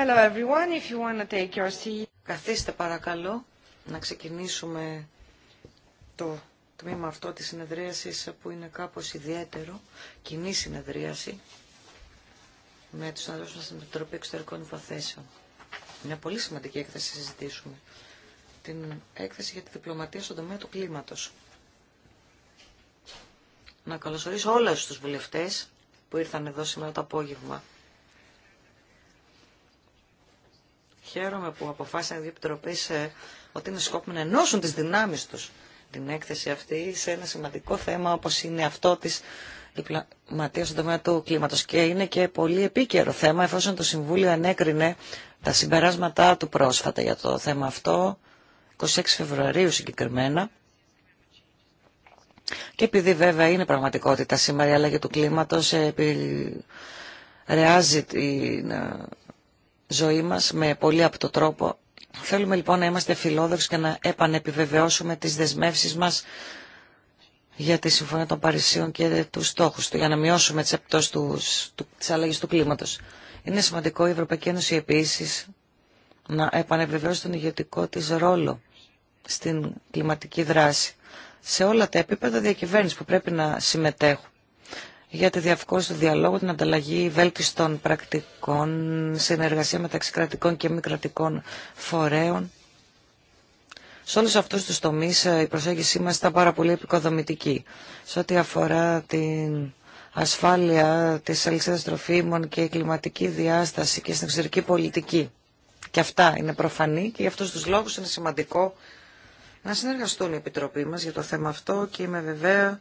Hello everyone, if you want to take your seat. Καθίστε παρακαλώ να ξεκινήσουμε το τμήμα αυτό της συνεδρίασης που είναι κάπως ιδιαίτερο, κοινή συνεδρίαση με τους αδρούς μας στην Επιτροπή Εξωτερικών Υποθέσεων. Μια πολύ σημαντική έκθεση συζητήσουμε. Την έκθεση για τη διπλωματία στον τομέα του κλίματος. Να καλωσορίσω όλους τους βουλευτές που ήρθαν εδώ σήμερα το απόγευμα Χαίρομαι που αποφάσισαν οι δύο επιτροπέ ε, ότι είναι σκόπιμο να ενώσουν τι δυνάμει του την έκθεση αυτή σε ένα σημαντικό θέμα όπω είναι αυτό τη διπλωματία στον τομέα του κλίματο. Και είναι και πολύ επίκαιρο θέμα εφόσον το Συμβούλιο ανέκρινε τα συμπεράσματά του πρόσφατα για το θέμα αυτό, 26 Φεβρουαρίου συγκεκριμένα. Και επειδή βέβαια είναι πραγματικότητα σήμερα η αλλαγή του κλίματος, επηρεάζει την ε, ζωή μας με πολύ απτό τρόπο. Θέλουμε λοιπόν να είμαστε φιλόδοξοι και να επανεπιβεβαιώσουμε τις δεσμεύσεις μας για τη Συμφωνία των Παρισίων και του στόχου του, για να μειώσουμε τις επιπτώσεις του, της αλλαγής του κλίματος. Είναι σημαντικό η Ευρωπαϊκή Ένωση επίσης να επανεπιβεβαιώσει τον ηγετικό της ρόλο στην κλιματική δράση σε όλα τα επίπεδα διακυβέρνηση που πρέπει να συμμετέχουν για τη διευκόλυνση του διαλόγου, την ανταλλαγή βέλτιστων πρακτικών, συνεργασία μεταξύ κρατικών και μη κρατικών φορέων. Σε όλους αυτούς τους τομείς ε, η προσέγγιση μας ήταν πάρα πολύ επικοδομητική. Σε ό,τι αφορά την ασφάλεια της αλυσίδας τροφίμων και η κλιματική διάσταση και στην εξωτερική πολιτική. Και αυτά είναι προφανή και για αυτούς τους λόγους είναι σημαντικό να συνεργαστούν οι επιτροποί μας για το θέμα αυτό και είμαι βεβαία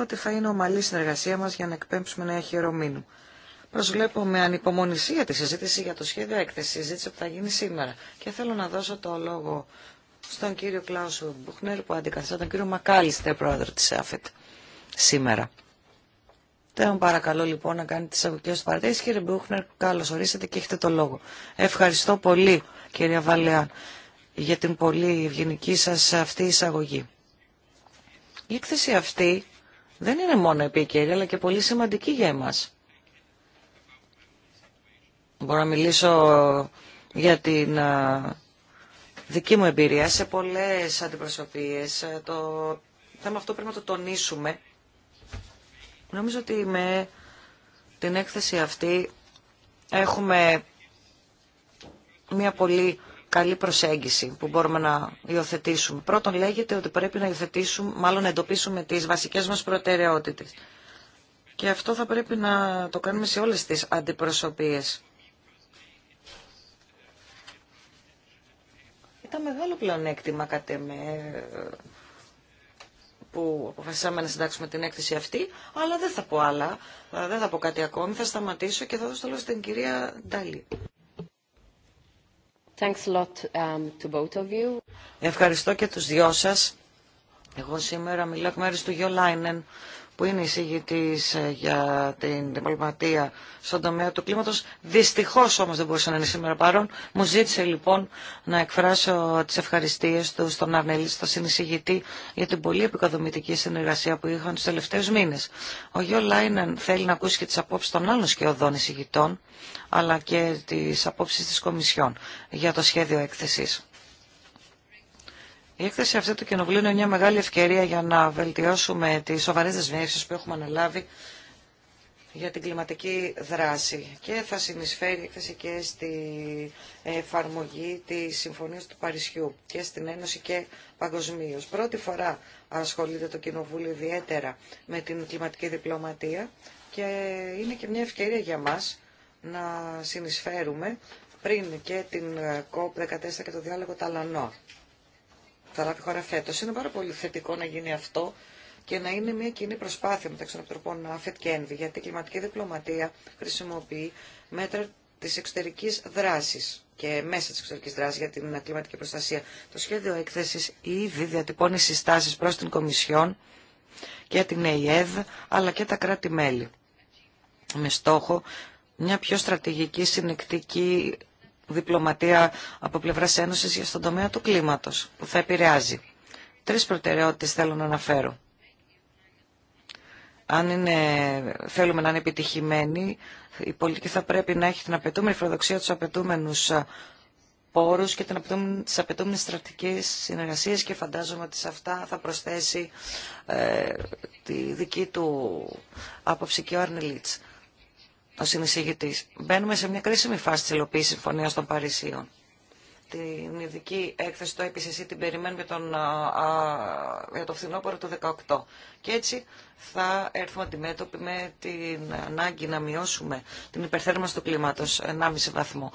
ότι θα είναι ομαλή συνεργασία μα για να εκπέμψουμε ένα χειρομήνου. Προσβλέπω με ανυπομονησία τη συζήτηση για το σχέδιο έκθεση, συζήτηση που θα γίνει σήμερα. Και θέλω να δώσω το λόγο στον κύριο Κλάουσου Μπουχνέρ που αντικαθιστά τον κύριο Μακάλιστερ, πρόεδρο τη ΑΦΕΤ, σήμερα. να παρακαλώ λοιπόν να κάνετε τι αγωγικέ του Κύριε Μπουχνέρ, καλώ ορίσατε και έχετε το λόγο. Ευχαριστώ πολύ κυρία Βαλεάν για την πολύ ευγενική σα αυτή εισαγωγή. Η έκθεση αυτή δεν είναι μόνο επίκαιρη, αλλά και πολύ σημαντική για εμάς. Μπορώ να μιλήσω για την δική μου εμπειρία σε πολλές αντιπροσωπείες. Το θέμα αυτό πρέπει να το τονίσουμε. Νομίζω ότι με την έκθεση αυτή έχουμε μια πολύ καλή προσέγγιση που μπορούμε να υιοθετήσουμε. Πρώτον λέγεται ότι πρέπει να υιοθετήσουμε, μάλλον να εντοπίσουμε τις βασικές μας προτεραιότητες. Και αυτό θα πρέπει να το κάνουμε σε όλες τις αντιπροσωπείες. Ήταν μεγάλο πλεονέκτημα κατά που αποφασίσαμε να συντάξουμε την έκθεση αυτή, αλλά δεν θα πω άλλα, δεν θα πω κάτι ακόμη, θα σταματήσω και θα δώσω το λόγο στην κυρία Ντάλη. Um, Ευχαριστώ και τους δυο σας. Εγώ σήμερα μιλάω εκ μέρους του Λάινεν, που είναι εισηγητής ε, για την διπλωματία στον τομέα του κλίματος. Δυστυχώς όμως δεν μπορούσε να είναι σήμερα παρόν. Μου ζήτησε λοιπόν να εκφράσω τις ευχαριστίες του στον Αρνελή, στον συνεισηγητή, για την πολύ επικοδομητική συνεργασία που είχαν τους τελευταίους μήνες. Ο Γιώ Λάινεν θέλει να ακούσει και τις απόψεις των άλλων σκιωδών εισηγητών, αλλά και τις απόψεις της Κομισιόν για το σχέδιο έκθεσης. Η έκθεση αυτή του Κοινοβουλίου είναι μια μεγάλη ευκαιρία για να βελτιώσουμε τι σοβαρέ δεσμεύσει που έχουμε αναλάβει για την κλιματική δράση και θα συνεισφέρει η έκθεση και στη εφαρμογή τη Συμφωνία του Παρισιού και στην Ένωση και παγκοσμίω. Πρώτη φορά ασχολείται το Κοινοβούλιο ιδιαίτερα με την κλιματική διπλωματία και είναι και μια ευκαιρία για μας να συνεισφέρουμε πριν και την COP14 και το διάλογο Ταλανό θα λάβει χώρα Είναι πάρα πολύ θετικό να γίνει αυτό και να είναι μια κοινή προσπάθεια μεταξύ των Επιτροπών ΑΦΕΤ και ΕΝΒΙ, γιατί η κλιματική διπλωματία χρησιμοποιεί μέτρα τη εξωτερική δράση και μέσα τη εξωτερική δράση για την κλιματική προστασία. Το σχέδιο έκθεση ήδη διατυπώνει συστάσει προ την Κομισιόν και την ΕΙΕΔ, αλλά και τα κράτη-μέλη. Με στόχο μια πιο στρατηγική, συνεκτική διπλωματία από πλευρά Ένωση για στον τομέα του κλίματο, που θα επηρεάζει. Τρει προτεραιότητε θέλω να αναφέρω. Αν είναι, θέλουμε να είναι επιτυχημένοι, η πολιτική θα πρέπει να έχει την απαιτούμενη φροδοξία του απαιτούμενου πόρου και τι απαιτούμενε στρατικέ συνεργασίε και φαντάζομαι ότι σε αυτά θα προσθέσει ε, τη δική του άποψη και ο Αρνελίτς ο συνεισηγητή. Μπαίνουμε σε μια κρίσιμη φάση της υλοποίηση συμφωνία των Παρισίων. Την ειδική έκθεση του IPCC την περιμένουμε για, τον, για το φθινόπωρο του 2018. Και έτσι θα έρθουμε αντιμέτωποι με την ανάγκη να μειώσουμε την υπερθέρμανση του κλίματος 1,5 βαθμό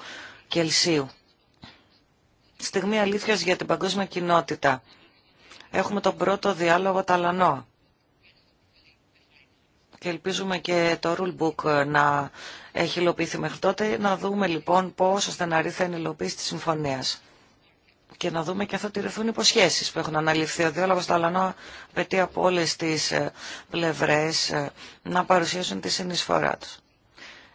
Κελσίου. Στιγμή αλήθεια για την παγκόσμια κοινότητα. Έχουμε τον πρώτο διάλογο Ταλανό και ελπίζουμε και το book ε, να έχει υλοποιηθεί μέχρι τότε. Να δούμε λοιπόν πόσο στεναρή θα είναι η υλοποίηση της συμφωνίας. Και να δούμε και αν θα τηρηθούν υποσχέσεις που έχουν αναλυφθεί. Ο Διόλαβο Ταλανό απαιτεί από όλες τις ε, πλευρές ε, να παρουσιάσουν τη συνεισφορά τους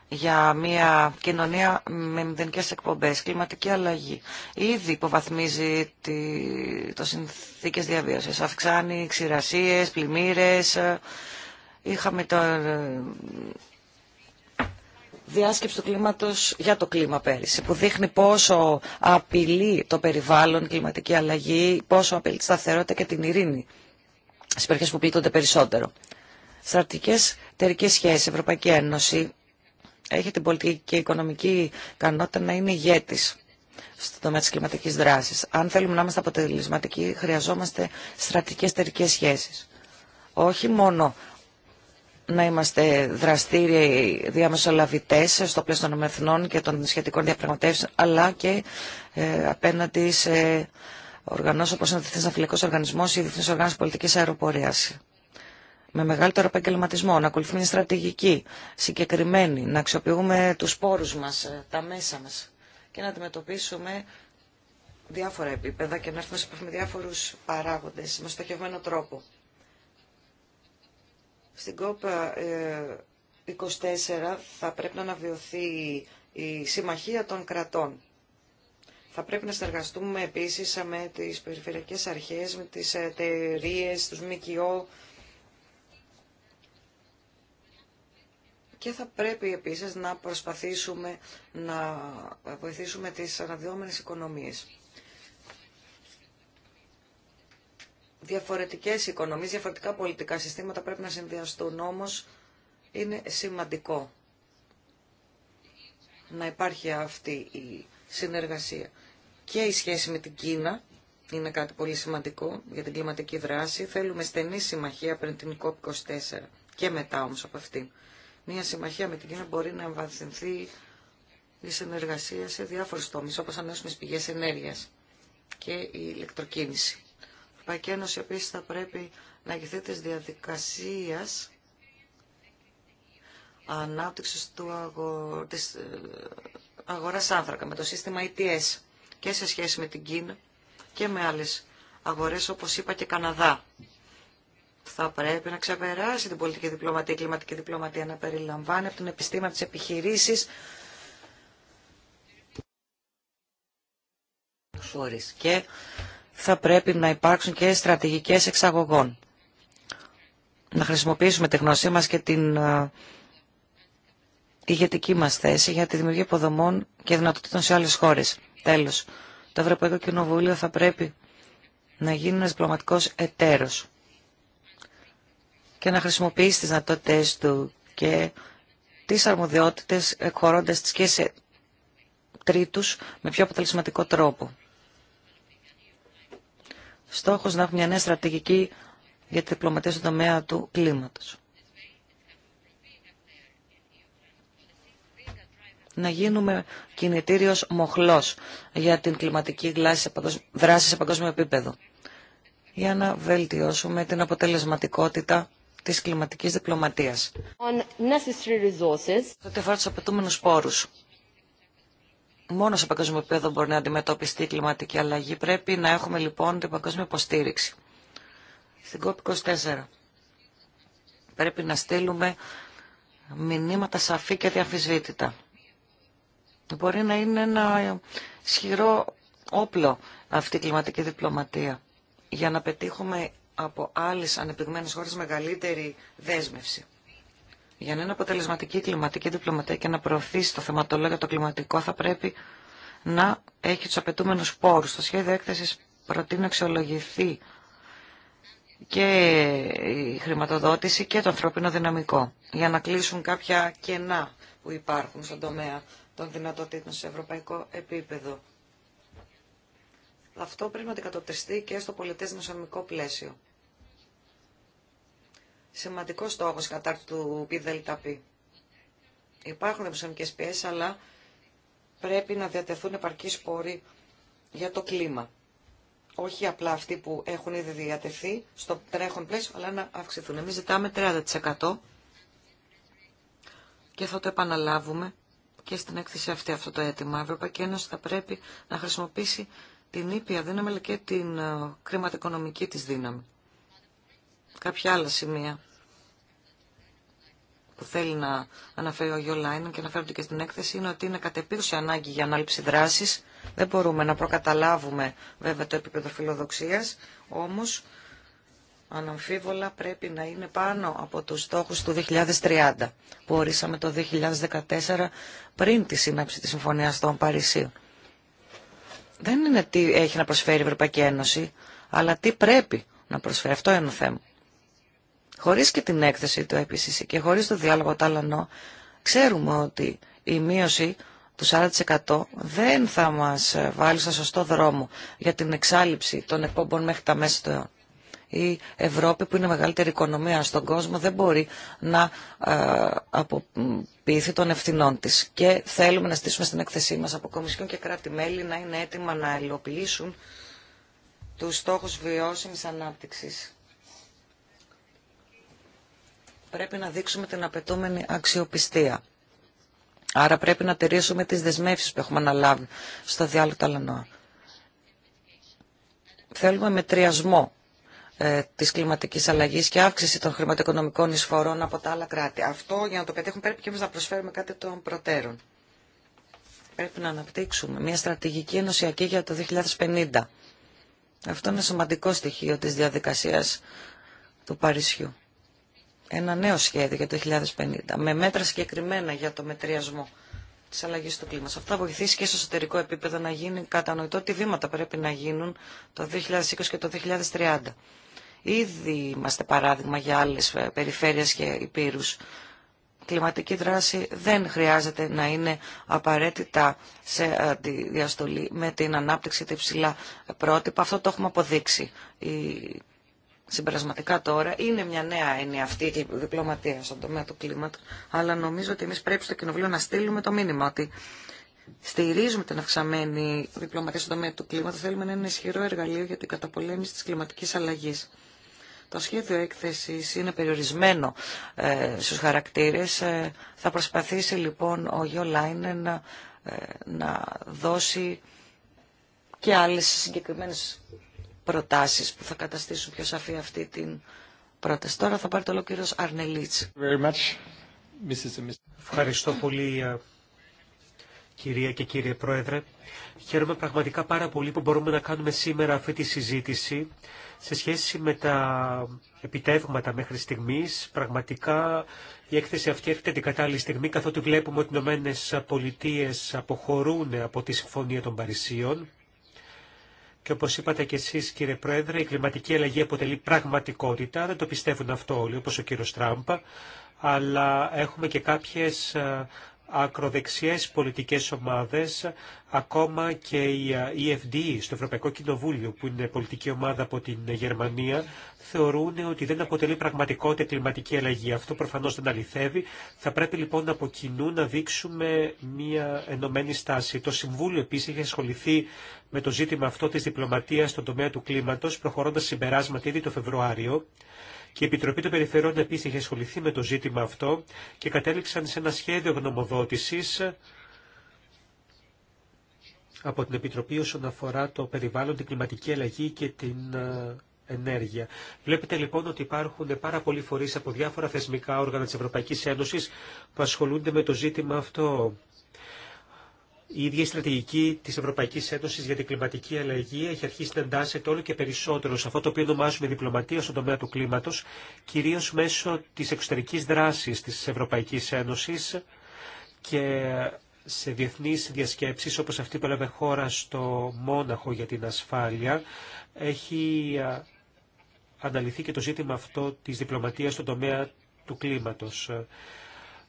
για μια κοινωνία με μηδενικέ εκπομπέ, κλιματική αλλαγή. Ήδη υποβαθμίζει τη, το συνθήκε διαβίωση. Αυξάνει ξηρασίε, πλημμύρε, Είχαμε το ε, διάσκεψη του κλίματος για το κλίμα πέρυσι, που δείχνει πόσο απειλεί το περιβάλλον, κλιματική αλλαγή, πόσο απειλεί τη σταθερότητα και την ειρήνη στις περιοχές που πλήττονται περισσότερο. Στρατηγικές εταιρικές σχέσεις, Ευρωπαϊκή Ένωση, έχει την πολιτική και οικονομική ικανότητα να είναι ηγέτης στον τομέα της κλιματικής δράσης. Αν θέλουμε να είμαστε αποτελεσματικοί, χρειαζόμαστε στρατηγικές εταιρικές σχέσεις. Όχι μόνο να είμαστε δραστήριοι διαμεσολαβητές στο πλαίσιο των Εθνών και των σχετικών διαπραγματεύσεων, αλλά και ε, απέναντι σε οργανώσεις όπως είναι ο Διεθνής Οργανισμός ή η Διεθνής Οργάνωση Πολιτικής Αεροπορίας. Με μεγαλύτερο επαγγελματισμό, να ακολουθούμε μια στρατηγική συγκεκριμένη, να αξιοποιούμε τους πόρους μας, ε, τα μέσα μας και να αντιμετωπίσουμε διάφορα επίπεδα και να έρθουμε σε επαφή με διάφορους παράγοντες με στοχευμένο τρόπο. Στην COP24 ε, θα πρέπει να αναβιωθεί η συμμαχία των κρατών. Θα πρέπει να συνεργαστούμε επίσης με τις περιφερειακές αρχές, με τις εταιρείε, τους ΜΚΟ και θα πρέπει επίσης να προσπαθήσουμε να βοηθήσουμε τις αναδυόμενες οικονομίες. διαφορετικές οικονομίες, διαφορετικά πολιτικά συστήματα πρέπει να συνδυαστούν, όμω. είναι σημαντικό να υπάρχει αυτή η συνεργασία. Και η σχέση με την Κίνα είναι κάτι πολύ σημαντικό για την κλιματική δράση. Θέλουμε στενή συμμαχία πριν την COP24 και μετά όμως από αυτή Μία συμμαχία με την Κίνα μπορεί να εμβαθυνθεί η συνεργασία σε διάφορους τομείς, όπως ανέσουμε πηγές ενέργειας και η ηλεκτροκίνηση. Ευρωπαϊκή Ένωση επίσης θα πρέπει να αγηθεί της διαδικασίας ανάπτυξης του αγο... της ε, αγοράς άνθρακα με το σύστημα ETS και σε σχέση με την Κίνα και με άλλες αγορές όπως είπα και Καναδά. Θα πρέπει να ξεπεράσει την πολιτική διπλωματία, η κλιματική διπλωματία να περιλαμβάνει από την επιστήμη, από τις επιχειρήσεις, Και θα πρέπει να υπάρξουν και στρατηγικές εξαγωγών. Να χρησιμοποιήσουμε τη γνωσή μας και την ε, ηγετική μας θέση για τη δημιουργία υποδομών και δυνατοτήτων σε άλλες χώρες. Τέλος, το Ευρωπαϊκό Κοινοβούλιο θα πρέπει να γίνει ένας διπλωματικός εταίρος και να χρησιμοποιήσει τις δυνατότητε του και τις αρμοδιότητες εκχωρώντας τις και σε τρίτους με πιο αποτελεσματικό τρόπο στόχος να έχουμε μια νέα στρατηγική για τη διπλωματία στον τομέα του κλίματος. να γίνουμε κινητήριος μοχλός για την κλιματική δράση σε παγκόσμιο επίπεδο. Για να βελτιώσουμε την αποτελεσματικότητα της κλιματικής διπλωματίας. Στο ό,τι αφορά απαιτούμενους πόρους. Μόνο σε παγκόσμιο επίπεδο μπορεί να αντιμετωπιστεί η κλιματική αλλαγή. Πρέπει να έχουμε λοιπόν την παγκόσμια υποστήριξη. Στην COP24 πρέπει να στείλουμε μηνύματα σαφή και διαφυσβήτητα. Μπορεί να είναι ένα ισχυρό όπλο αυτή η κλιματική διπλωματία για να πετύχουμε από άλλες ανεπτυγμένες χώρες μεγαλύτερη δέσμευση. Για να είναι αποτελεσματική η κλιματική διπλωματία και να προωθήσει το θεματολόγιο το κλιματικό θα πρέπει να έχει του απαιτούμενου πόρου Το σχέδιο έκθεση, προτείνει να αξιολογηθεί και η χρηματοδότηση και το ανθρώπινο δυναμικό για να κλείσουν κάποια κενά που υπάρχουν στον τομέα των δυνατοτήτων σε ευρωπαϊκό επίπεδο. Αυτό πρέπει να αντικατοπτριστεί και στο πολιτές πλαίσιο σημαντικό στόχο κατά του ΠΔΠ. Υπάρχουν δημοσιονομικέ πιέσει, αλλά πρέπει να διατεθούν επαρκή πόροι για το κλίμα. Όχι απλά αυτοί που έχουν ήδη διατεθεί στο τρέχον πλαίσιο, αλλά να αυξηθούν. Εμεί ζητάμε 30% και θα το επαναλάβουμε και στην έκθεση αυτή αυτό το αίτημα. Η Ευρωπαϊκή Ένωση θα πρέπει να χρησιμοποιήσει την ήπια δύναμη αλλά και την κρηματοοικονομική ε, της δύναμη κάποια άλλα σημεία που θέλει να αναφέρει ο είναι και αναφέρονται και στην έκθεση είναι ότι είναι κατεπίγουσα ανάγκη για ανάληψη δράση. Δεν μπορούμε να προκαταλάβουμε βέβαια το επίπεδο φιλοδοξία, όμω αναμφίβολα πρέπει να είναι πάνω από τους στόχους του 2030 που ορίσαμε το 2014 πριν τη σύναψη της συμφωνία των Παρισίων. Δεν είναι τι έχει να προσφέρει η Ευρωπαϊκή Ένωση, αλλά τι πρέπει να προσφέρει. Αυτό είναι το θέμα χωρίς και την έκθεση του IPCC και χωρίς το διάλογο τάλανο, ξέρουμε ότι η μείωση του 40% δεν θα μας βάλει στο σωστό δρόμο για την εξάλληψη των εκπομπών μέχρι τα μέσα του αιώνα. Η Ευρώπη που είναι η μεγαλύτερη οικονομία στον κόσμο δεν μπορεί να ε, αποποιηθεί των ευθυνών της. Και θέλουμε να στήσουμε στην έκθεσή μας από Κομισιόν και κράτη-μέλη να είναι έτοιμα να υλοποιήσουν τους στόχους βιώσιμης ανάπτυξης πρέπει να δείξουμε την απαιτούμενη αξιοπιστία. Άρα πρέπει να τηρήσουμε τις δεσμεύσεις που έχουμε αναλάβει στο διάλογο του Θέλουμε μετριασμό ε, της κλιματικής αλλαγής και αύξηση των χρηματοοικονομικών εισφορών από τα άλλα κράτη. Αυτό για να το πετύχουμε πρέπει και εμείς να προσφέρουμε κάτι των προτέρων. Πρέπει να αναπτύξουμε μια στρατηγική ενωσιακή για το 2050. Αυτό είναι σημαντικό στοιχείο της διαδικασίας του Παρισιού ένα νέο σχέδιο για το 2050 με μέτρα συγκεκριμένα για το μετριασμό τη αλλαγή του κλίματος. Αυτό θα βοηθήσει και στο εσωτερικό επίπεδο να γίνει κατανοητό τι βήματα πρέπει να γίνουν το 2020 και το 2030. Ήδη είμαστε παράδειγμα για άλλε ε, περιφέρειες και υπήρου. Κλιματική δράση δεν χρειάζεται να είναι απαραίτητα σε αντιδιαστολή με την ανάπτυξη τα υψηλά πρότυπα. Αυτό το έχουμε αποδείξει. Η Συμπερασματικά τώρα είναι μια νέα έννοια αυτή η διπλωματία στον τομέα του κλίματο, αλλά νομίζω ότι εμεί πρέπει στο Κοινοβουλίο να στείλουμε το μήνυμα ότι στηρίζουμε την αυξαμένη διπλωματία στον τομέα του κλίματο θέλουμε να είναι ένα ισχυρό εργαλείο για την καταπολέμηση τη κλιματική αλλαγή. Το σχέδιο έκθεση είναι περιορισμένο ε, στους χαρακτήρες. Ε, θα προσπαθήσει λοιπόν ο Γιώ ε, να δώσει και άλλες συγκεκριμένες προτάσεις που θα καταστήσουν πιο σαφή αυτή την πρόταση. Τώρα θα πάρει το λόγο κύριος Αρνελίτς. Ευχαριστώ πολύ ε, κυρία και κύριε Πρόεδρε. Χαίρομαι πραγματικά πάρα πολύ που μπορούμε να κάνουμε σήμερα αυτή τη συζήτηση σε σχέση με τα επιτεύγματα μέχρι στιγμής. Πραγματικά η έκθεση αυτή έρχεται την κατάλληλη στιγμή καθότι βλέπουμε ότι οι Ηνωμένε Πολιτείε αποχωρούν από τη Συμφωνία των Παρισίων. Και όπω είπατε και εσεί, κύριε Πρόεδρε, η κλιματική αλλαγή αποτελεί πραγματικότητα. Δεν το πιστεύουν αυτό όλοι, όπω ο κύριο Τράμπα. Αλλά έχουμε και κάποιε. Ε, ακροδεξιές πολιτικές ομάδες, ακόμα και η EFD στο Ευρωπαϊκό Κοινοβούλιο, που είναι πολιτική ομάδα από την Γερμανία, θεωρούν ότι δεν αποτελεί πραγματικότητα κλιματική αλλαγή. Αυτό προφανώς δεν αληθεύει. Θα πρέπει λοιπόν από κοινού να δείξουμε μια ενωμένη στάση. Το Συμβούλιο επίσης έχει ασχοληθεί με το ζήτημα αυτό της διπλωματίας στον τομέα του κλίματος, προχωρώντας συμπεράσματα ήδη το Φεβρουάριο και η Επιτροπή των Περιφερών επίση είχε ασχοληθεί με το ζήτημα αυτό και κατέληξαν σε ένα σχέδιο γνωμοδότησης από την Επιτροπή όσον αφορά το περιβάλλον, την κλιματική αλλαγή και την ε, ενέργεια. Βλέπετε λοιπόν ότι υπάρχουν πάρα πολλοί φορεί από διάφορα θεσμικά όργανα τη Ευρωπαϊκή Ένωση που ασχολούνται με το ζήτημα αυτό. Η ίδια η στρατηγική τη Ευρωπαϊκή Ένωση για την κλιματική αλλαγή έχει αρχίσει να εντάσσεται όλο και περισσότερο σε αυτό το οποίο ονομάζουμε διπλωματία στον τομέα του κλίματο, κυρίω μέσω τη εξωτερική δράση τη Ευρωπαϊκή Ένωση και σε διεθνείς διασκέψεις όπως αυτή που έλαβε χώρα στο Μόναχο για την ασφάλεια έχει αναλυθεί και το ζήτημα αυτό της διπλωματίας στον τομέα του κλίματος.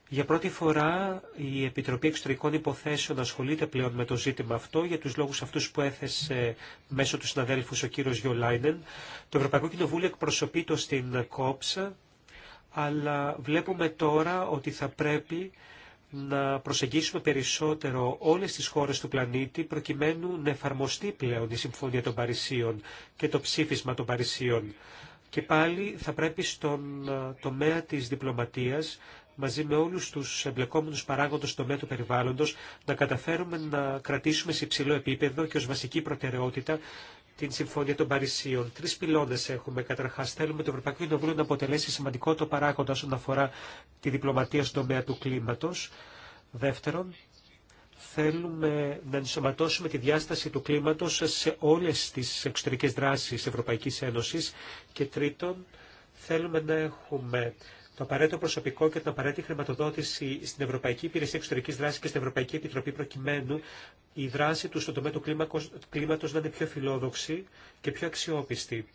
Για πρώτη φορά η Επιτροπή Εξωτερικών Υποθέσεων ασχολείται πλέον με το ζήτημα αυτό για τους λόγους αυτούς που έθεσε μέσω του συναδέλφου ο κύριος Γιολάινεν. Το Ευρωπαϊκό Κοινοβούλιο εκπροσωπεί το στην κόψα, αλλά βλέπουμε τώρα ότι θα πρέπει να προσεγγίσουμε περισσότερο όλες τις χώρες του πλανήτη προκειμένου να εφαρμοστεί πλέον η Συμφωνία των Παρισίων και το ψήφισμα των Παρισίων. Και πάλι θα πρέπει στον τομέα της διπλωματίας μαζί με όλου του εμπλεκόμενου παράγοντε στο τομέα του περιβάλλοντος να καταφέρουμε να κρατήσουμε σε υψηλό επίπεδο και ω βασική προτεραιότητα την Συμφωνία των Παρισίων. Τρει πυλώνε έχουμε. Καταρχά, θέλουμε το Ευρωπαϊκό Κοινοβούλιο να αποτελέσει σημαντικό το παράγοντα όσον αφορά τη διπλωματία στον τομέα του κλίματο. Δεύτερον, θέλουμε να ενσωματώσουμε τη διάσταση του κλίματος σε όλες τις εξωτερικές δράσεις Ευρωπαϊκής Ένωσης και τρίτον θέλουμε να έχουμε το απαραίτητο προσωπικό και την απαραίτητη χρηματοδότηση στην Ευρωπαϊκή Υπηρεσία Εξωτερική Δράση και στην Ευρωπαϊκή Επιτροπή, προκειμένου η δράση του στον τομέα του κλίματο να είναι πιο φιλόδοξη και πιο αξιόπιστη.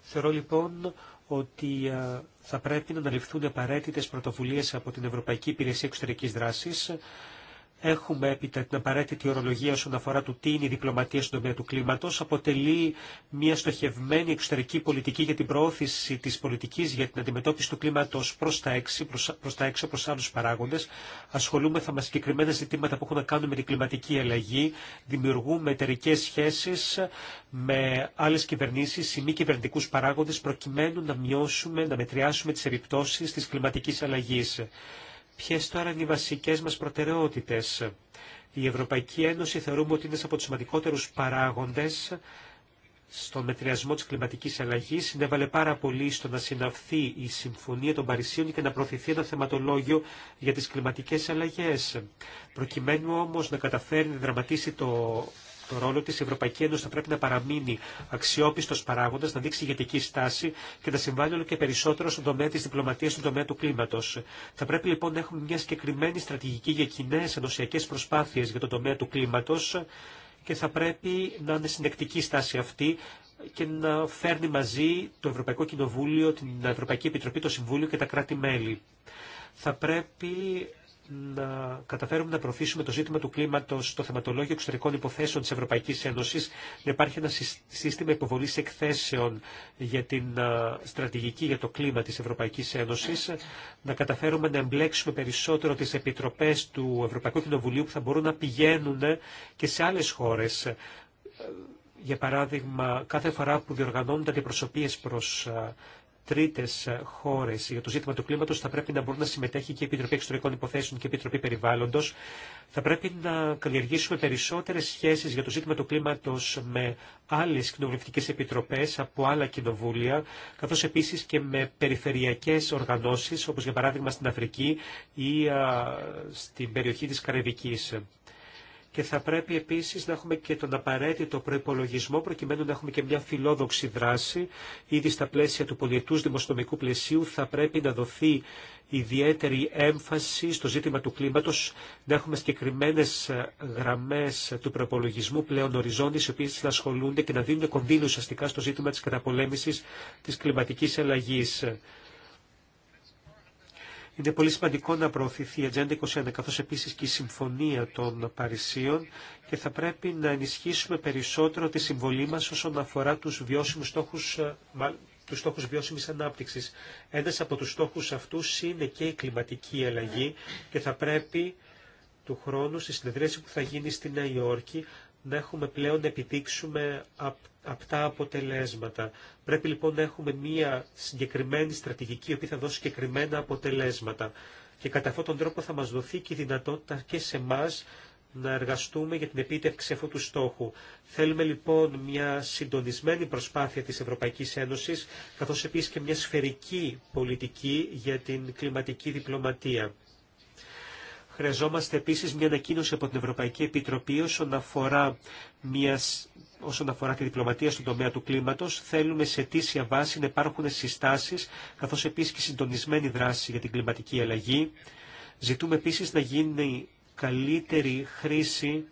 Θεωρώ λοιπόν ότι θα πρέπει να αναλυφθούν απαραίτητε πρωτοβουλίε από την Ευρωπαϊκή Υπηρεσία Εξωτερική Δράση Έχουμε έπειτα την απαραίτητη ορολογία όσον αφορά του τι είναι η διπλωματία στον τομέα του κλίματο. Αποτελεί μια στοχευμένη εξωτερική πολιτική για την προώθηση τη πολιτική για την αντιμετώπιση του κλίματο προ τα έξω, προ τα έξω, προς άλλου παράγοντε. Ασχολούμεθα με συγκεκριμένα ζητήματα που έχουν να κάνουν με την κλιματική αλλαγή. Δημιουργούμε εταιρικέ σχέσει με άλλε κυβερνήσει ή μη κυβερνητικού παράγοντε προκειμένου να μειώσουμε, να μετριάσουμε τι επιπτώσει τη κλιματική αλλαγή. Ποιες τώρα είναι οι βασικές μας προτεραιότητες. Η Ευρωπαϊκή Ένωση θεωρούμε ότι είναι από τους σημαντικότερου παράγοντες στον μετριασμό της κλιματικής αλλαγής συνέβαλε πάρα πολύ στο να συναυθεί η Συμφωνία των Παρισίων και να προωθηθεί ένα θεματολόγιο για τις κλιματικές αλλαγές. Προκειμένου όμως να καταφέρει να δραματίσει το το ρόλο τη, η Ευρωπαϊκή Ένωση θα πρέπει να παραμείνει αξιόπιστο παράγοντα, να δείξει ηγετική στάση και να συμβάλλει όλο και περισσότερο στον τομέα τη διπλωματίας, στον τομέα του κλίματο. Θα πρέπει λοιπόν να έχουμε μια συγκεκριμένη στρατηγική για κοινέ ενωσιακέ προσπάθειες για τον τομέα του κλίματο και θα πρέπει να είναι συνεκτική στάση αυτή και να φέρνει μαζί το Ευρωπαϊκό Κοινοβούλιο, την Ευρωπαϊκή Επιτροπή, το Συμβούλιο και τα κράτη-μέλη. Θα πρέπει να καταφέρουμε να προωθήσουμε το ζήτημα του κλίματο στο θεματολόγιο εξωτερικών υποθέσεων τη Ευρωπαϊκή Ένωση, να υπάρχει ένα σύστημα υποβολή εκθέσεων για την στρατηγική για το κλίμα τη Ευρωπαϊκή Ένωση, να καταφέρουμε να εμπλέξουμε περισσότερο τι επιτροπέ του Ευρωπαϊκού Κοινοβουλίου που θα μπορούν να πηγαίνουν και σε άλλε χώρε. Ε, για παράδειγμα, κάθε φορά που τα αντιπροσωπείε προ τρίτε χώρε για το ζήτημα του κλίματο, θα πρέπει να μπορούν να συμμετέχει και η Επιτροπή Εξωτερικών Υποθέσεων και η Επιτροπή Περιβάλλοντο. Θα πρέπει να καλλιεργήσουμε περισσότερε σχέσει για το ζήτημα του κλίματο με άλλε κοινοβουλευτικέ επιτροπέ από άλλα κοινοβούλια, καθώ επίση και με περιφερειακέ οργανώσει, όπω για παράδειγμα στην Αφρική ή στην περιοχή τη Καραϊβική και θα πρέπει επίσης να έχουμε και τον απαραίτητο προϋπολογισμό προκειμένου να έχουμε και μια φιλόδοξη δράση. Ήδη στα πλαίσια του πολιετούς δημοσιονομικού πλαισίου θα πρέπει να δοθεί ιδιαίτερη έμφαση στο ζήτημα του κλίματος, να έχουμε συγκεκριμένε γραμμές του προπολογισμού πλέον οριζόντιες, οι οποίες να ασχολούνται και να δίνουν κονδύλου ουσιαστικά στο ζήτημα της καταπολέμησης της κλιματικής αλλαγής. Είναι πολύ σημαντικό να προωθηθεί η Ατζέντα 21, καθώς επίσης και η Συμφωνία των Παρισίων και θα πρέπει να ενισχύσουμε περισσότερο τη συμβολή μας όσον αφορά τους βιώσιμους στόχους, ε, τους στόχους βιώσιμης ανάπτυξης. Ένας από τους στόχους αυτούς είναι και η κλιματική αλλαγή και θα πρέπει του χρόνου στη συνεδρίαση που θα γίνει στη Νέα Υόρκη να έχουμε πλέον να από απτά αποτελέσματα. Πρέπει λοιπόν να έχουμε μία συγκεκριμένη στρατηγική, η οποία θα δώσει συγκεκριμένα αποτελέσματα. Και κατά αυτόν τον τρόπο θα μας δοθεί και η δυνατότητα και σε εμά να εργαστούμε για την επίτευξη αυτού του στόχου. Θέλουμε λοιπόν μια συντονισμένη προσπάθεια της Ευρωπαϊκής Ένωσης, καθώς επίσης και μια σφαιρική πολιτική για την κλιματική διπλωματία. Χρειαζόμαστε επίσης μια ανακοίνωση από την Ευρωπαϊκή Επιτροπή όσον αφορά, μιας, όσον αφορά τη διπλωματία στον τομέα του κλίματος. Θέλουμε σε αιτήσια βάση να υπάρχουν συστάσεις, καθώς επίσης και συντονισμένη δράση για την κλιματική αλλαγή. Ζητούμε επίσης να γίνει καλύτερη χρήση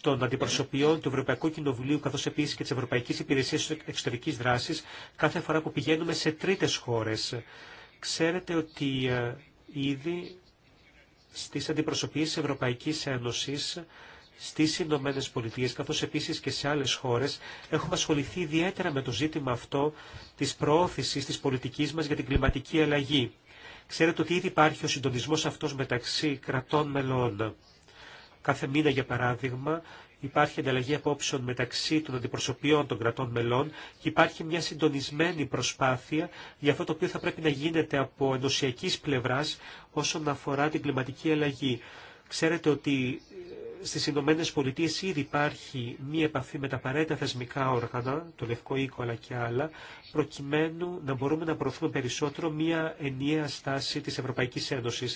των αντιπροσωπιών του Ευρωπαϊκού Κοινοβουλίου καθώς επίσης και της Ευρωπαϊκής Υπηρεσίας Εξωτερικής Δράσης κάθε φορά που πηγαίνουμε σε τρίτες χώρες. Ξέρετε ότι ε, ήδη στις αντιπροσωπείς Ευρωπαϊκής Ένωσης στις Ηνωμένε Πολιτείε, καθώς επίσης και σε άλλες χώρες, έχουμε ασχοληθεί ιδιαίτερα με το ζήτημα αυτό της προώθησης της πολιτικής μας για την κλιματική αλλαγή. Ξέρετε ότι ήδη υπάρχει ο συντονισμός αυτός μεταξύ κρατών μελών. Κάθε μήνα, για παράδειγμα, υπάρχει ανταλλαγή απόψεων μεταξύ των αντιπροσωπιών των κρατών μελών και υπάρχει μια συντονισμένη προσπάθεια για αυτό το οποίο θα πρέπει να γίνεται από ενωσιακής πλευράς όσον αφορά την κλιματική αλλαγή. Ξέρετε ότι Στι Ηνωμένε Πολιτείε ήδη υπάρχει μία επαφή με τα απαραίτητα θεσμικά όργανα, το Λευκό Οίκο αλλά και άλλα, προκειμένου να μπορούμε να προωθούμε περισσότερο μία ενιαία στάση τη Ευρωπαϊκή Ένωση.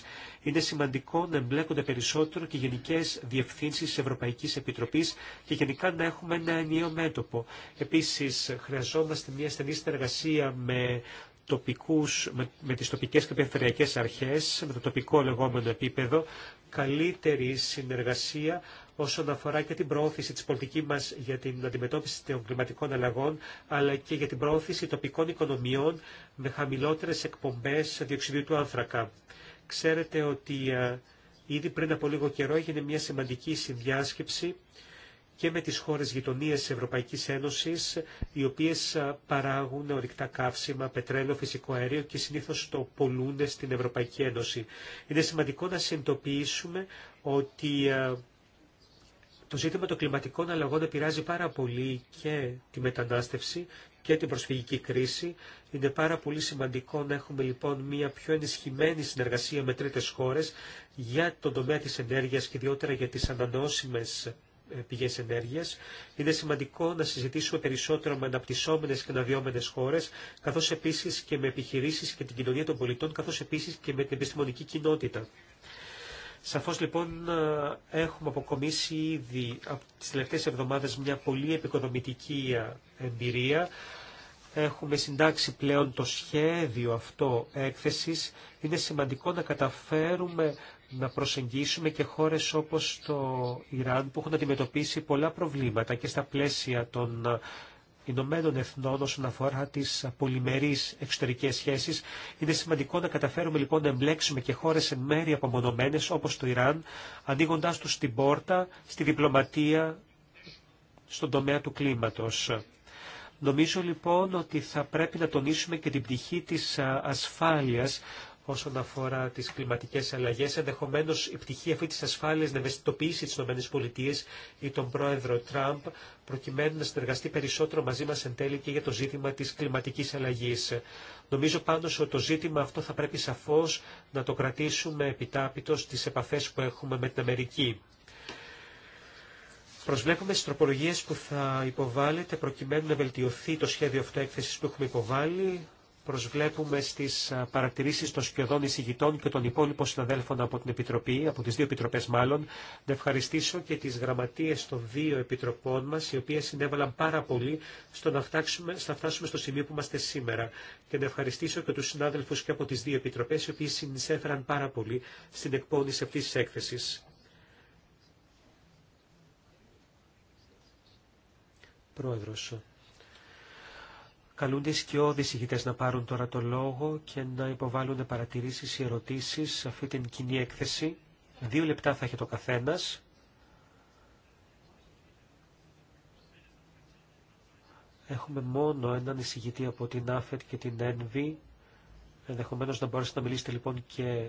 Είναι σημαντικό να εμπλέκονται περισσότερο και γενικέ διευθύνσει τη Ευρωπαϊκή Επιτροπή και γενικά να έχουμε ένα ενιαίο μέτωπο. Επίση, χρειαζόμαστε μία στενή συνεργασία με τοπικούς, με, με τις τοπικές και περιφερειακές αρχές, με το τοπικό λεγόμενο επίπεδο, καλύτερη συνεργασία όσον αφορά και την προώθηση της πολιτικής μας για την αντιμετώπιση των κλιματικών αλλαγών, αλλά και για την προώθηση τοπικών οικονομιών με χαμηλότερες εκπομπές διοξιδίου του άνθρακα. Ξέρετε ότι ε, ήδη πριν από λίγο καιρό έγινε μια σημαντική συνδιάσκεψη και με τις χώρες γειτονίες της Ευρωπαϊκής Ένωσης, οι οποίες παράγουν ορυκτά καύσιμα, πετρέλαιο, φυσικό αέριο και συνήθως το πολλούν στην Ευρωπαϊκή Ένωση. Είναι σημαντικό να συνειδητοποιήσουμε ότι το ζήτημα των κλιματικών αλλαγών επηρεάζει πάρα πολύ και τη μετανάστευση και την προσφυγική κρίση. Είναι πάρα πολύ σημαντικό να έχουμε λοιπόν μια πιο ενισχυμένη συνεργασία με τρίτες χώρες για τον τομέα της ενέργειας και ιδιότερα για τις ανανεώσιμες ε, πηγές ενέργειας. Είναι σημαντικό να συζητήσουμε περισσότερο με αναπτυσσόμενες και αναβιώμενες χώρες, καθώς επίσης και με επιχειρήσεις και την κοινωνία των πολιτών, καθώς επίσης και με την επιστημονική κοινότητα. Σαφώς λοιπόν ε, έχουμε αποκομίσει ήδη από τις τελευταίες εβδομάδες μια πολύ επικοδομητική ε, εμπειρία. Έχουμε συντάξει πλέον το σχέδιο αυτό έκθεσης. Είναι σημαντικό να καταφέρουμε να προσεγγίσουμε και χώρες όπως το Ιράν που έχουν αντιμετωπίσει πολλά προβλήματα και στα πλαίσια των Ηνωμένων Εθνών όσον αφορά τις πολυμερείς εξωτερικές σχέσεις. Είναι σημαντικό να καταφέρουμε λοιπόν να εμπλέξουμε και χώρες εν μέρη απομονωμένες όπως το Ιράν, ανοίγοντά τους την πόρτα στη διπλωματία στον τομέα του κλίματος. Νομίζω λοιπόν ότι θα πρέπει να τονίσουμε και την πτυχή της ασφάλειας όσον αφορά τι κλιματικέ αλλαγέ. Ενδεχομένω η πτυχή αυτή τη ασφάλεια να ευαισθητοποιήσει τι ΗΠΑ ή τον πρόεδρο Τραμπ, προκειμένου να συνεργαστεί περισσότερο μαζί μα εν τέλει και για το ζήτημα τη κλιματική αλλαγή. Νομίζω πάντω ότι το ζήτημα αυτό θα πρέπει σαφώ να το κρατήσουμε επιτάπητο στι επαφέ που έχουμε με την Αμερική. Προσβλέπουμε στι τροπολογίε που θα υποβάλλετε προκειμένου να βελτιωθεί το σχέδιο αυτό έκθεση που έχουμε υποβάλει προσβλέπουμε στις παρατηρήσεις των σχεδόν εισηγητών και των υπόλοιπων συναδέλφων από την Επιτροπή, από τις δύο Επιτροπές μάλλον, να ευχαριστήσω και τις γραμματείες των δύο Επιτροπών μας, οι οποίες συνέβαλαν πάρα πολύ στο να φτάσουμε, στο, στο σημείο που είμαστε σήμερα. Και να ευχαριστήσω και τους συνάδελφους και από τις δύο Επιτροπές, οι οποίοι συνεισέφεραν πάρα πολύ στην εκπόνηση αυτής της έκθεσης. Πρόεδρος. Καλούνται οι σκιώδεις ηγητές να πάρουν τώρα το λόγο και να υποβάλουν παρατηρήσεις ή ερωτήσεις σε αυτή την κοινή έκθεση. Δύο λεπτά θα έχει το καθένας. Έχουμε μόνο έναν εισηγητή από την ΑΦΕΤ και την ΕΝΒΗ. Ενδεχομένως να μπορέσετε να μιλήσετε λοιπόν και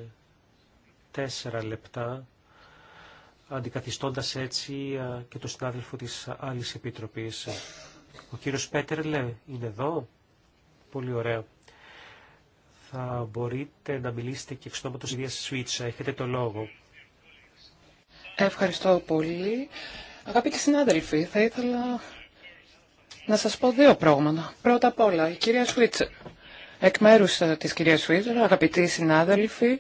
τέσσερα λεπτά, αντικαθιστώντας έτσι και τον συνάδελφο της άλλης επιτροπής. Ο κύριος Πέτερλε είναι εδώ. Πολύ ωραίο. Θα μπορείτε να μιλήσετε και εξ ονόματος Ιδίας Σουίτσα. Έχετε το λόγο. Ευχαριστώ πολύ. Αγαπητοί συνάδελφοι, θα ήθελα να σας πω δύο πράγματα. Πρώτα απ' όλα, η κυρία Σουίτσα. Εκ μέρους ε, της κυρίας Σουίτσα, αγαπητοί συνάδελφοι,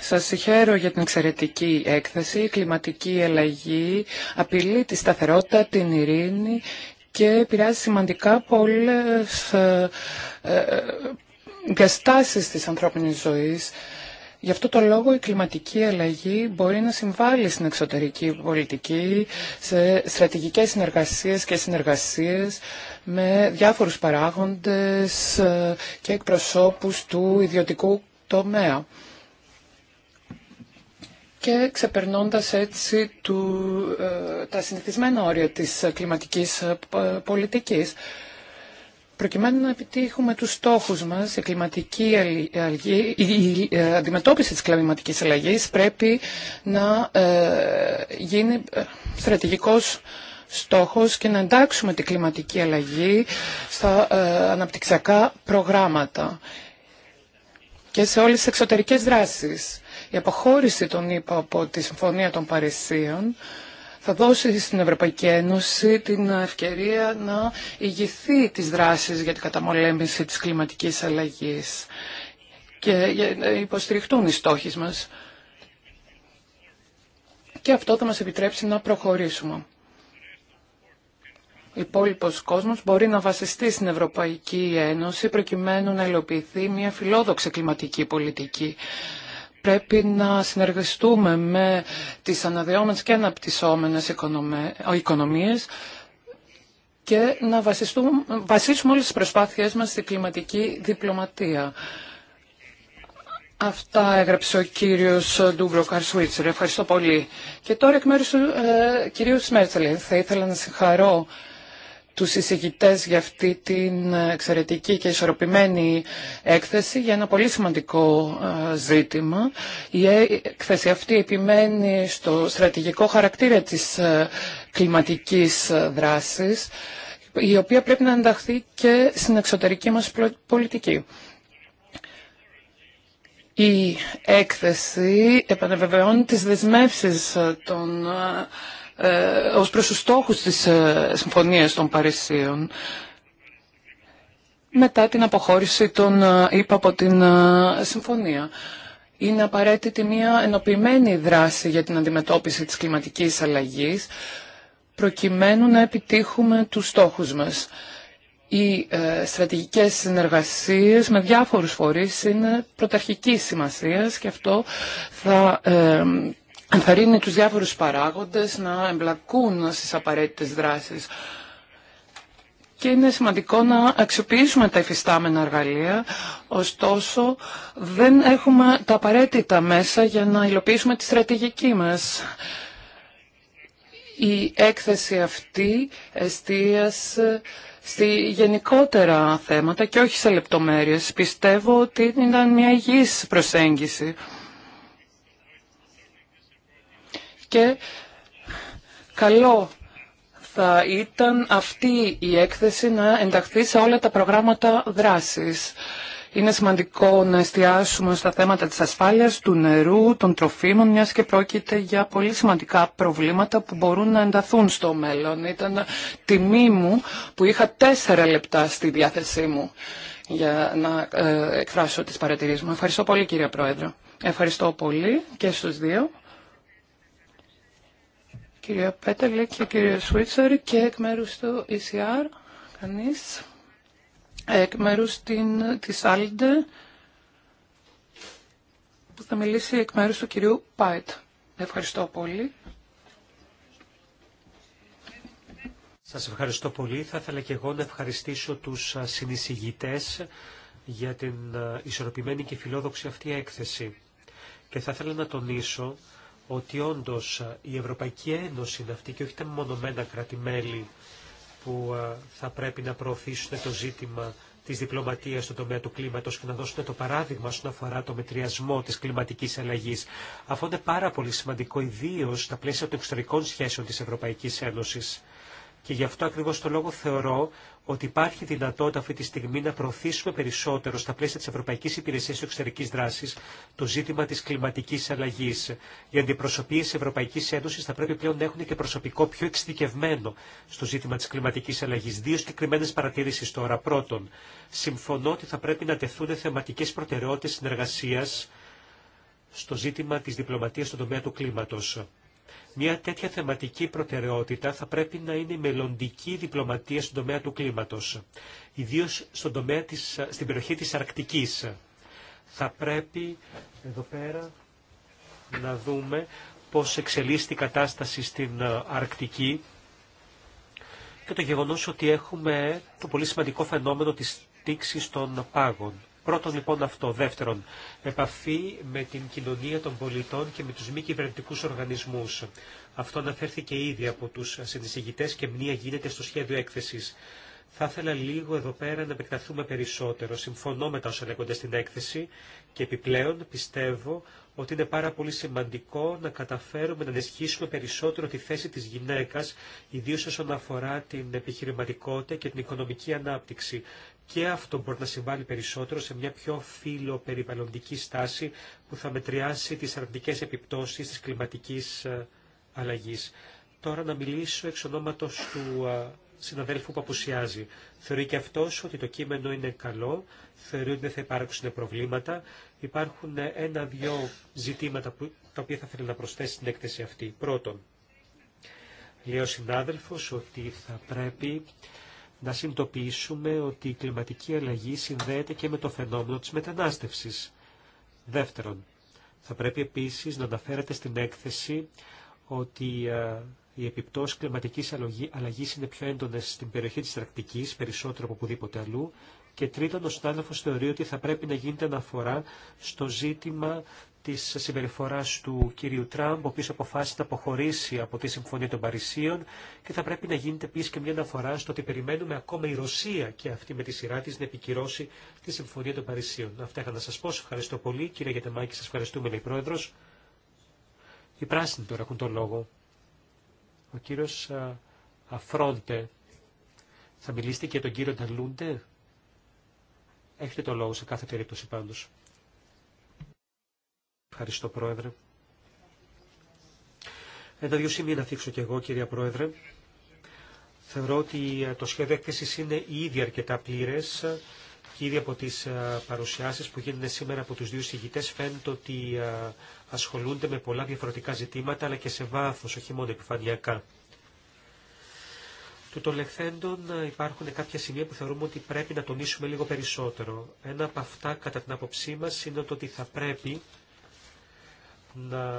σας συγχαίρω για την εξαιρετική έκθεση. Η κλιματική αλλαγή απειλεί τη σταθερότητα, την ειρήνη και επηρεάζει σημαντικά πολλές ε, ε, διαστάσεις της ανθρώπινης ζωής. Γι' αυτό το λόγο η κλιματική αλλαγή μπορεί να συμβάλλει στην εξωτερική πολιτική, σε στρατηγικές συνεργασίες και συνεργασίες με διάφορους παράγοντες ε, και εκπροσώπους του ιδιωτικού τομέα και ξεπερνώντας έτσι του, ε, τα συνηθισμένα όρια της κλιματικής ε, ε, πολιτικής. Προκειμένου να επιτύχουμε τους στόχους μας, η, κλιματική αλλαγή, η αντιμετώπιση της κλιματικής αλλαγής πρέπει να γίνει στρατηγικός στόχος και να εντάξουμε την κλιματική αλλαγή στα αναπτυξιακά προγράμματα και σε όλες τις εξωτερικές δράσεις. Η αποχώρηση των ΗΠΑ από τη Συμφωνία των Παρισίων θα δώσει στην Ευρωπαϊκή Ένωση την ευκαιρία να ηγηθεί τις δράσεις για την καταμολέμηση της κλιματικής αλλαγής και υποστηριχτούν οι στόχοι μας. Και αυτό θα μας επιτρέψει να προχωρήσουμε. Ο υπόλοιπο κόσμο μπορεί να βασιστεί στην Ευρωπαϊκή Ένωση προκειμένου να υλοποιηθεί μια φιλόδοξη κλιματική πολιτική πρέπει να συνεργαστούμε με τις αναδυόμενες και αναπτυσσόμενες οικονομίες και να βασιστούμε, βασίσουμε όλες τις προσπάθειές μας στη κλιματική διπλωματία. Αυτά έγραψε ο κύριος Ντούβρο Καρσουίτσερ. Ευχαριστώ πολύ. Και τώρα εκ μέρους του ε, κυρίου Σμέρτσελη θα ήθελα να συγχαρώ τους εισηγητές για αυτή την εξαιρετική και ισορροπημένη έκθεση για ένα πολύ σημαντικό ε, ζήτημα. Η ε, έκθεση αυτή επιμένει στο στρατηγικό χαρακτήρα της ε, κλιματικής δράσης, η οποία πρέπει να ενταχθεί και στην εξωτερική μας πολιτική. Η έκθεση επαναβεβαιώνει τις δεσμεύσεις των ε, ως προς τους στόχους της ε, Συμφωνίας των Παρισίων μετά την αποχώρηση των ΥΠΑ ε, από την Συμφωνία. Είναι απαραίτητη μια ενοποιημένη δράση για την αντιμετώπιση της κλιματικής αλλαγής προκειμένου να επιτύχουμε τους στόχους μας. Οι στρατηγικές συνεργασίες με διάφορους φορείς είναι πρωταρχικής σημασίας και αυτό θα ενθαρρύνει τους διάφορους παράγοντες να εμπλακούν στις απαραίτητες δράσεις. Και είναι σημαντικό να αξιοποιήσουμε τα υφιστάμενα εργαλεία, ωστόσο δεν έχουμε τα απαραίτητα μέσα για να υλοποιήσουμε τη στρατηγική μας. Η έκθεση αυτή εστίασε στη γενικότερα θέματα και όχι σε λεπτομέρειες. Πιστεύω ότι ήταν μια υγιής προσέγγιση. και καλό θα ήταν αυτή η έκθεση να ενταχθεί σε όλα τα προγράμματα δράσης. Είναι σημαντικό να εστιάσουμε στα θέματα της ασφάλειας, του νερού, των τροφίμων, μιας και πρόκειται για πολύ σημαντικά προβλήματα που μπορούν να ενταθούν στο μέλλον. Ήταν τιμή μου που είχα τέσσερα λεπτά στη διάθεσή μου για να ε, εκφράσω τις παρατηρήσεις μου. Ευχαριστώ πολύ κύριε Πρόεδρο. Ευχαριστώ πολύ και στους δύο κυρία Πέταλη και κύριο Σουίτσερ και εκ μέρους του ECR, κανείς, εκ μέρους την, της Άλντε, που θα μιλήσει εκ μέρους του κυρίου Πάιτ. Ευχαριστώ πολύ. Σας ευχαριστώ πολύ. Θα ήθελα και εγώ να ευχαριστήσω τους συνεισηγητές για την ισορροπημένη και φιλόδοξη αυτή έκθεση. Και θα ήθελα να τονίσω ότι όντως η Ευρωπαϊκή Ένωση είναι αυτή και όχι τα μονομένα κράτη-μέλη που θα πρέπει να προωθήσουν το ζήτημα της διπλωματίας στον τομέα του κλίματος και να δώσουν το παράδειγμα στον αφορά το μετριασμό της κλιματικής αλλαγής. Αυτό είναι πάρα πολύ σημαντικό, ιδίω στα πλαίσια των εξωτερικών σχέσεων της Ευρωπαϊκής Ένωσης. Και γι' αυτό ακριβώ το λόγο θεωρώ ότι υπάρχει δυνατότητα αυτή τη στιγμή να προωθήσουμε περισσότερο στα πλαίσια τη Ευρωπαϊκή Υπηρεσία Εξωτερική Δράση το ζήτημα τη κλιματική αλλαγή. Οι αντιπροσωπείε τη Ευρωπαϊκή Ένωση θα πρέπει πλέον να έχουν και προσωπικό πιο εξειδικευμένο στο ζήτημα τη κλιματική αλλαγή. Δύο συγκεκριμένε παρατηρήσει τώρα. Πρώτον, συμφωνώ ότι θα πρέπει να τεθούν θεματικέ προτεραιότητε συνεργασία στο ζήτημα της διπλωματία στον τομέα του κλίματο. Μια τέτοια θεματική προτεραιότητα θα πρέπει να είναι η μελλοντική διπλωματία στον τομέα του κλίματος, ιδίως στον τομέα της, στην περιοχή της Αρκτικής. Θα πρέπει εδώ πέρα να δούμε πώς εξελίσσεται η κατάσταση στην Αρκτική και το γεγονός ότι έχουμε το πολύ σημαντικό φαινόμενο της τήξης των πάγων. Πρώτον λοιπόν αυτό. Δεύτερον, επαφή με την κοινωνία των πολιτών και με τους μη κυβερνητικού οργανισμούς. Αυτό αναφέρθηκε ήδη από τους συνεισηγητές και μνήα γίνεται στο σχέδιο έκθεσης. Θα ήθελα λίγο εδώ πέρα να επεκταθούμε περισσότερο. Συμφωνώ με τα όσα λέγονται στην έκθεση και επιπλέον πιστεύω ότι είναι πάρα πολύ σημαντικό να καταφέρουμε να ενισχύσουμε περισσότερο τη θέση της γυναίκας, ιδίως όσον αφορά την επιχειρηματικότητα και την οικονομική ανάπτυξη και αυτό μπορεί να συμβάλλει περισσότερο σε μια πιο φιλοπεριβαλλοντική στάση που θα μετριάσει τις αρνητικές επιπτώσεις της κλιματικής ε, αλλαγής. Τώρα να μιλήσω εξ ονόματος του ε, συναδέλφου που απουσιάζει. Θεωρεί και αυτός ότι το κείμενο είναι καλό, θεωρεί ότι δεν θα υπάρξουν προβλήματα. Υπάρχουν ένα-δυο ζητήματα που, τα οποία θα θέλει να προσθέσει στην έκθεση αυτή. Πρώτον, λέει ο συνάδελφος ότι θα πρέπει να συνειδητοποιήσουμε ότι η κλιματική αλλαγή συνδέεται και με το φαινόμενο της μετανάστευσης. Δεύτερον, θα πρέπει επίσης να αναφέρεται στην έκθεση ότι οι επιπτώσεις κλιματικής αλλαγής είναι πιο έντονες στην περιοχή της Τρακτικής, περισσότερο από οπουδήποτε αλλού. Και τρίτον, ο συνάδελφος θεωρεί ότι θα πρέπει να γίνεται αναφορά στο ζήτημα τη συμπεριφορά του κυρίου Τραμπ, ο οποίο αποφάσισε να αποχωρήσει από τη Συμφωνία των Παρισίων και θα πρέπει να γίνεται επίση και μια αναφορά στο ότι περιμένουμε ακόμα η Ρωσία και αυτή με τη σειρά τη να επικυρώσει τη Συμφωνία των Παρισίων. Αυτά είχα να σα πω. Σας ευχαριστώ πολύ. Κύριε Γιατεμάκη, σα ευχαριστούμε, λέει πρόεδρο. Οι πράσινοι τώρα έχουν τον λόγο. Ο κύριο Αφρόντε. Θα μιλήσετε και τον κύριο Νταλούντε. Έχετε το λόγο σε κάθε περίπτωση πάντως. Ευχαριστώ, Πρόεδρε. Ένα-δύο σημεία να θίξω κι εγώ, κυρία Πρόεδρε. Θεωρώ ότι ε, το σχέδιο έκθεση είναι ήδη αρκετά πλήρε και ήδη από τι ε, παρουσιάσει που γίνονται σήμερα από του δύο συγητέ φαίνεται ότι ε, ασχολούνται με πολλά διαφορετικά ζητήματα αλλά και σε βάθο, όχι μόνο επιφανειακά. Του των λεχθέντων υπάρχουν κάποια σημεία που θεωρούμε ότι πρέπει να τονίσουμε λίγο περισσότερο. Ένα από αυτά, κατά την άποψή μα, είναι το ότι θα πρέπει να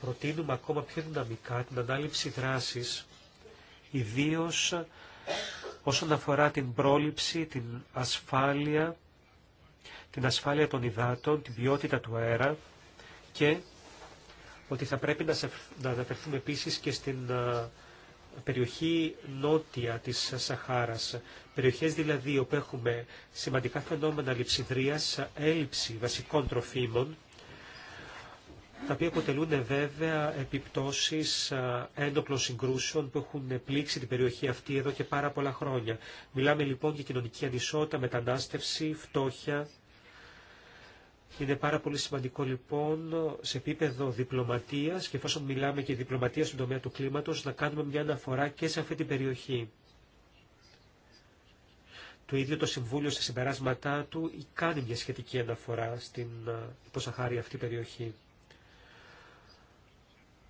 προτείνουμε ακόμα πιο δυναμικά την ανάληψη δράσης, ιδίως όσον αφορά την πρόληψη, την ασφάλεια, την ασφάλεια των υδάτων, την ποιότητα του αέρα και ότι θα πρέπει να, αναφερθούμε επίσης και στην περιοχή νότια της Σαχάρας, περιοχές δηλαδή όπου έχουμε σημαντικά φαινόμενα λειψιδρίας, έλλειψη βασικών τροφίμων τα οποία αποτελούν βέβαια επιπτώσεις έντοπλων συγκρούσεων που έχουν πλήξει την περιοχή αυτή εδώ και πάρα πολλά χρόνια. Μιλάμε λοιπόν για κοινωνική ανισότητα, μετανάστευση, φτώχεια. Είναι πάρα πολύ σημαντικό λοιπόν σε επίπεδο διπλωματίας και εφόσον μιλάμε και διπλωματία στον τομέα του κλίματος να κάνουμε μια αναφορά και σε αυτή την περιοχή. Το ίδιο το Συμβούλιο στα συμπεράσματά του κάνει μια σχετική αναφορά στην υποσαχάρη αυτή περιοχή.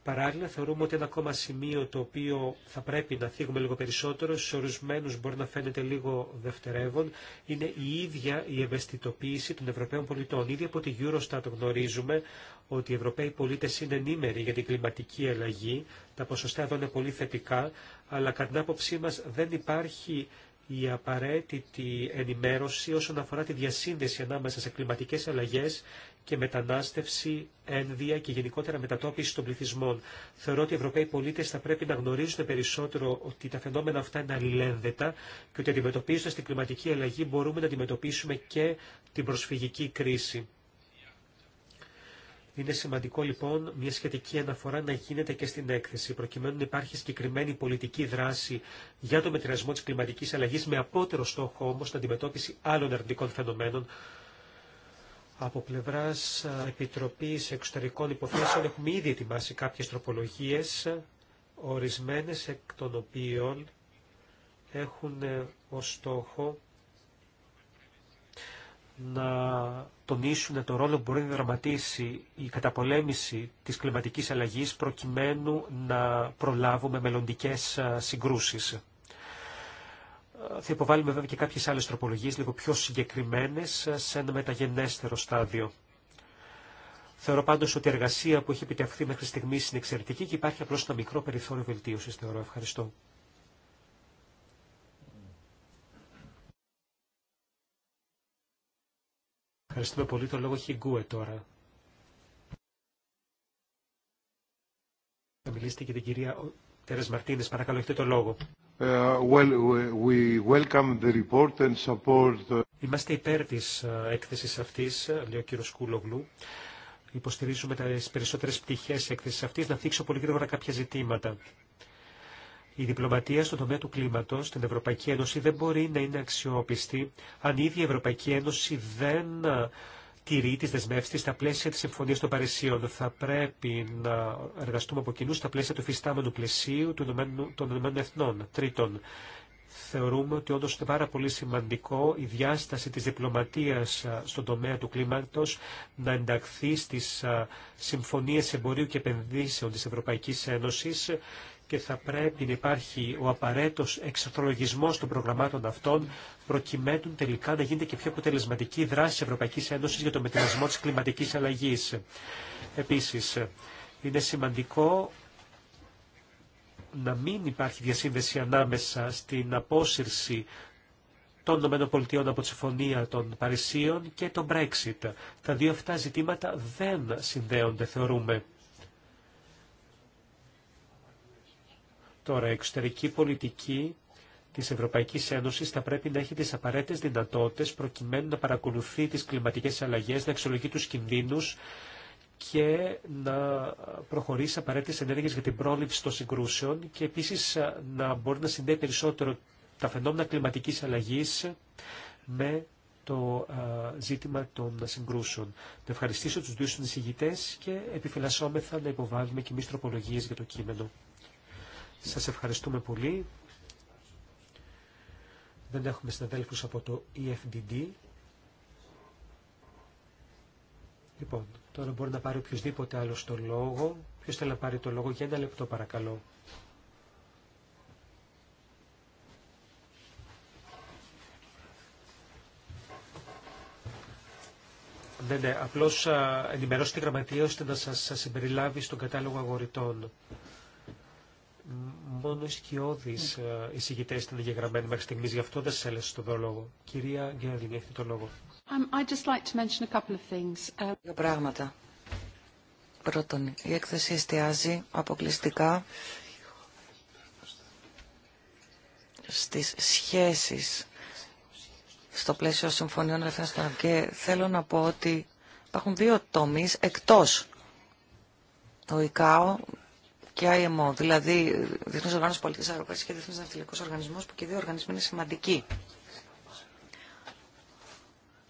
Παράλληλα, θεωρούμε ότι ένα ακόμα σημείο το οποίο θα πρέπει να θίγουμε λίγο περισσότερο, σε ορισμένου μπορεί να φαίνεται λίγο δευτερεύον, είναι η ίδια η ευαισθητοποίηση των Ευρωπαίων πολιτών. Ήδη από τη Eurostat γνωρίζουμε ότι οι Ευρωπαίοι πολίτε είναι ενήμεροι για την κλιματική αλλαγή, τα ποσοστά εδώ είναι πολύ θετικά, αλλά κατά την άποψή μα δεν υπάρχει η απαραίτητη ενημέρωση όσον αφορά τη διασύνδεση ανάμεσα σε κλιματικές αλλαγές και μετανάστευση, ένδια και γενικότερα μετατόπιση των πληθυσμών. Θεωρώ ότι οι Ευρωπαίοι πολίτε θα πρέπει να γνωρίζουν περισσότερο ότι τα φαινόμενα αυτά είναι αλληλένδετα και ότι αντιμετωπίζοντα την κλιματική αλλαγή μπορούμε να αντιμετωπίσουμε και την προσφυγική κρίση. Είναι σημαντικό λοιπόν μια σχετική αναφορά να γίνεται και στην έκθεση, προκειμένου να υπάρχει συγκεκριμένη πολιτική δράση για το μετριασμό τη κλιματική αλλαγή, με απότερο στόχο όμω την αντιμετώπιση άλλων αρνητικών φαινομένων, από πλευρά Επιτροπής Εξωτερικών Υποθέσεων έχουμε ήδη ετοιμάσει κάποιε τροπολογίε ορισμένες εκ των οποίων έχουν ε, ως στόχο να τονίσουν το ρόλο που μπορεί να δραματίσει η καταπολέμηση της κλιματικής αλλαγής προκειμένου να προλάβουμε μελλοντικές συγκρούσεις θα υποβάλουμε βέβαια και κάποιες άλλες τροπολογίες λίγο πιο συγκεκριμένες σε ένα μεταγενέστερο στάδιο. Θεωρώ πάντως ότι η εργασία που έχει επιτευχθεί μέχρι στιγμή είναι εξαιρετική και υπάρχει απλώς ένα μικρό περιθώριο βελτίωσης, θεωρώ. Ευχαριστώ. Ευχαριστούμε πολύ. Το λόγο έχει γκουε τώρα. Θα μιλήσετε και την κυρία Τέρες Μαρτίνες. Παρακαλώ, έχετε το λόγο. Uh, Είμαστε υπέρ τη uh, έκθεση αυτή, uh, λέει ο κύριο Κούλογλου. Υποστηρίζουμε τις πτυχέ πτυχές έκθεση αυτή Να θίξω πολύ γρήγορα κάποια ζητήματα. Η διπλωματία στον τομέα του κλίματο στην Ευρωπαϊκή Ένωση δεν μπορεί να είναι αξιόπιστη αν η ίδια η Ευρωπαϊκή Ένωση δεν τηρεί τι δεσμεύσει στα πλαίσια τη Συμφωνία των Παρισίων. Θα πρέπει να εργαστούμε από κοινού στα πλαίσια του φυστάμενου πλαισίου των Ηνωμένων Εθνών. Τρίτον, θεωρούμε ότι όντω είναι πάρα πολύ σημαντικό η διάσταση τη διπλωματία στον τομέα του κλίματο να ενταχθεί στι συμφωνίε εμπορίου και επενδύσεων τη Ευρωπαϊκή Ένωση και θα πρέπει να υπάρχει ο απαραίτητος εξορθολογισμό των προγραμμάτων αυτών προκειμένου τελικά να γίνεται και πιο αποτελεσματική δράση της Ευρωπαϊκής Ένωσης για το μετριασμό της κλιματικής αλλαγής. Επίσης, είναι σημαντικό να μην υπάρχει διασύνδεση ανάμεσα στην απόσυρση των ΗΠΑ από τη Συμφωνία των Παρισίων και το Brexit. Τα δύο αυτά ζητήματα δεν συνδέονται, θεωρούμε. Τώρα, η εξωτερική πολιτική τη Ευρωπαϊκή Ένωση θα πρέπει να έχει τι απαραίτητε δυνατότητε προκειμένου να παρακολουθεί τι κλιματικέ αλλαγέ, να αξιολογεί του κινδύνου και να προχωρήσει απαραίτητε ενέργειε για την πρόληψη των συγκρούσεων και επίση να μπορεί να συνδέει περισσότερο τα φαινόμενα κλιματική αλλαγή με το ζήτημα των συγκρούσεων. Να ευχαριστήσω τους δύο συνεισηγητές και επιφυλασσόμεθα να υποβάλουμε και εμείς για το κείμενο. Σας ευχαριστούμε πολύ. Δεν έχουμε συναδέλφους από το EFDD. Λοιπόν, τώρα μπορεί να πάρει οποιοδήποτε άλλο το λόγο. Ποιο θέλει να πάρει το λόγο για ένα λεπτό παρακαλώ. Ναι, ναι, απλώς ενημερώστε τη γραμματεία ώστε να σας, συμπεριλάβει στον κατάλογο αγορητών μόνο οι σκιώδει ναι. ε, εισηγητέ ήταν εγγεγραμμένοι μέχρι στιγμή. γι' αυτό δεν σα έλεσε τον λόγο. Κυρία Γκέρλιν, έχετε το λόγο. Δύο πράγματα. Πρώτον, η έκθεση εστιάζει αποκλειστικά στις σχέσεις στο πλαίσιο συμφωνιών και θέλω να πω ότι υπάρχουν δύο τομείς εκτός Το ΙΚΑΟ και IMO, δηλαδή Διεθνή Οργάνωση Πολιτική Αεροπορία και Διεθνή Ναυτιλιακό Οργανισμό, που και οι δύο οργανισμοί είναι σημαντικοί.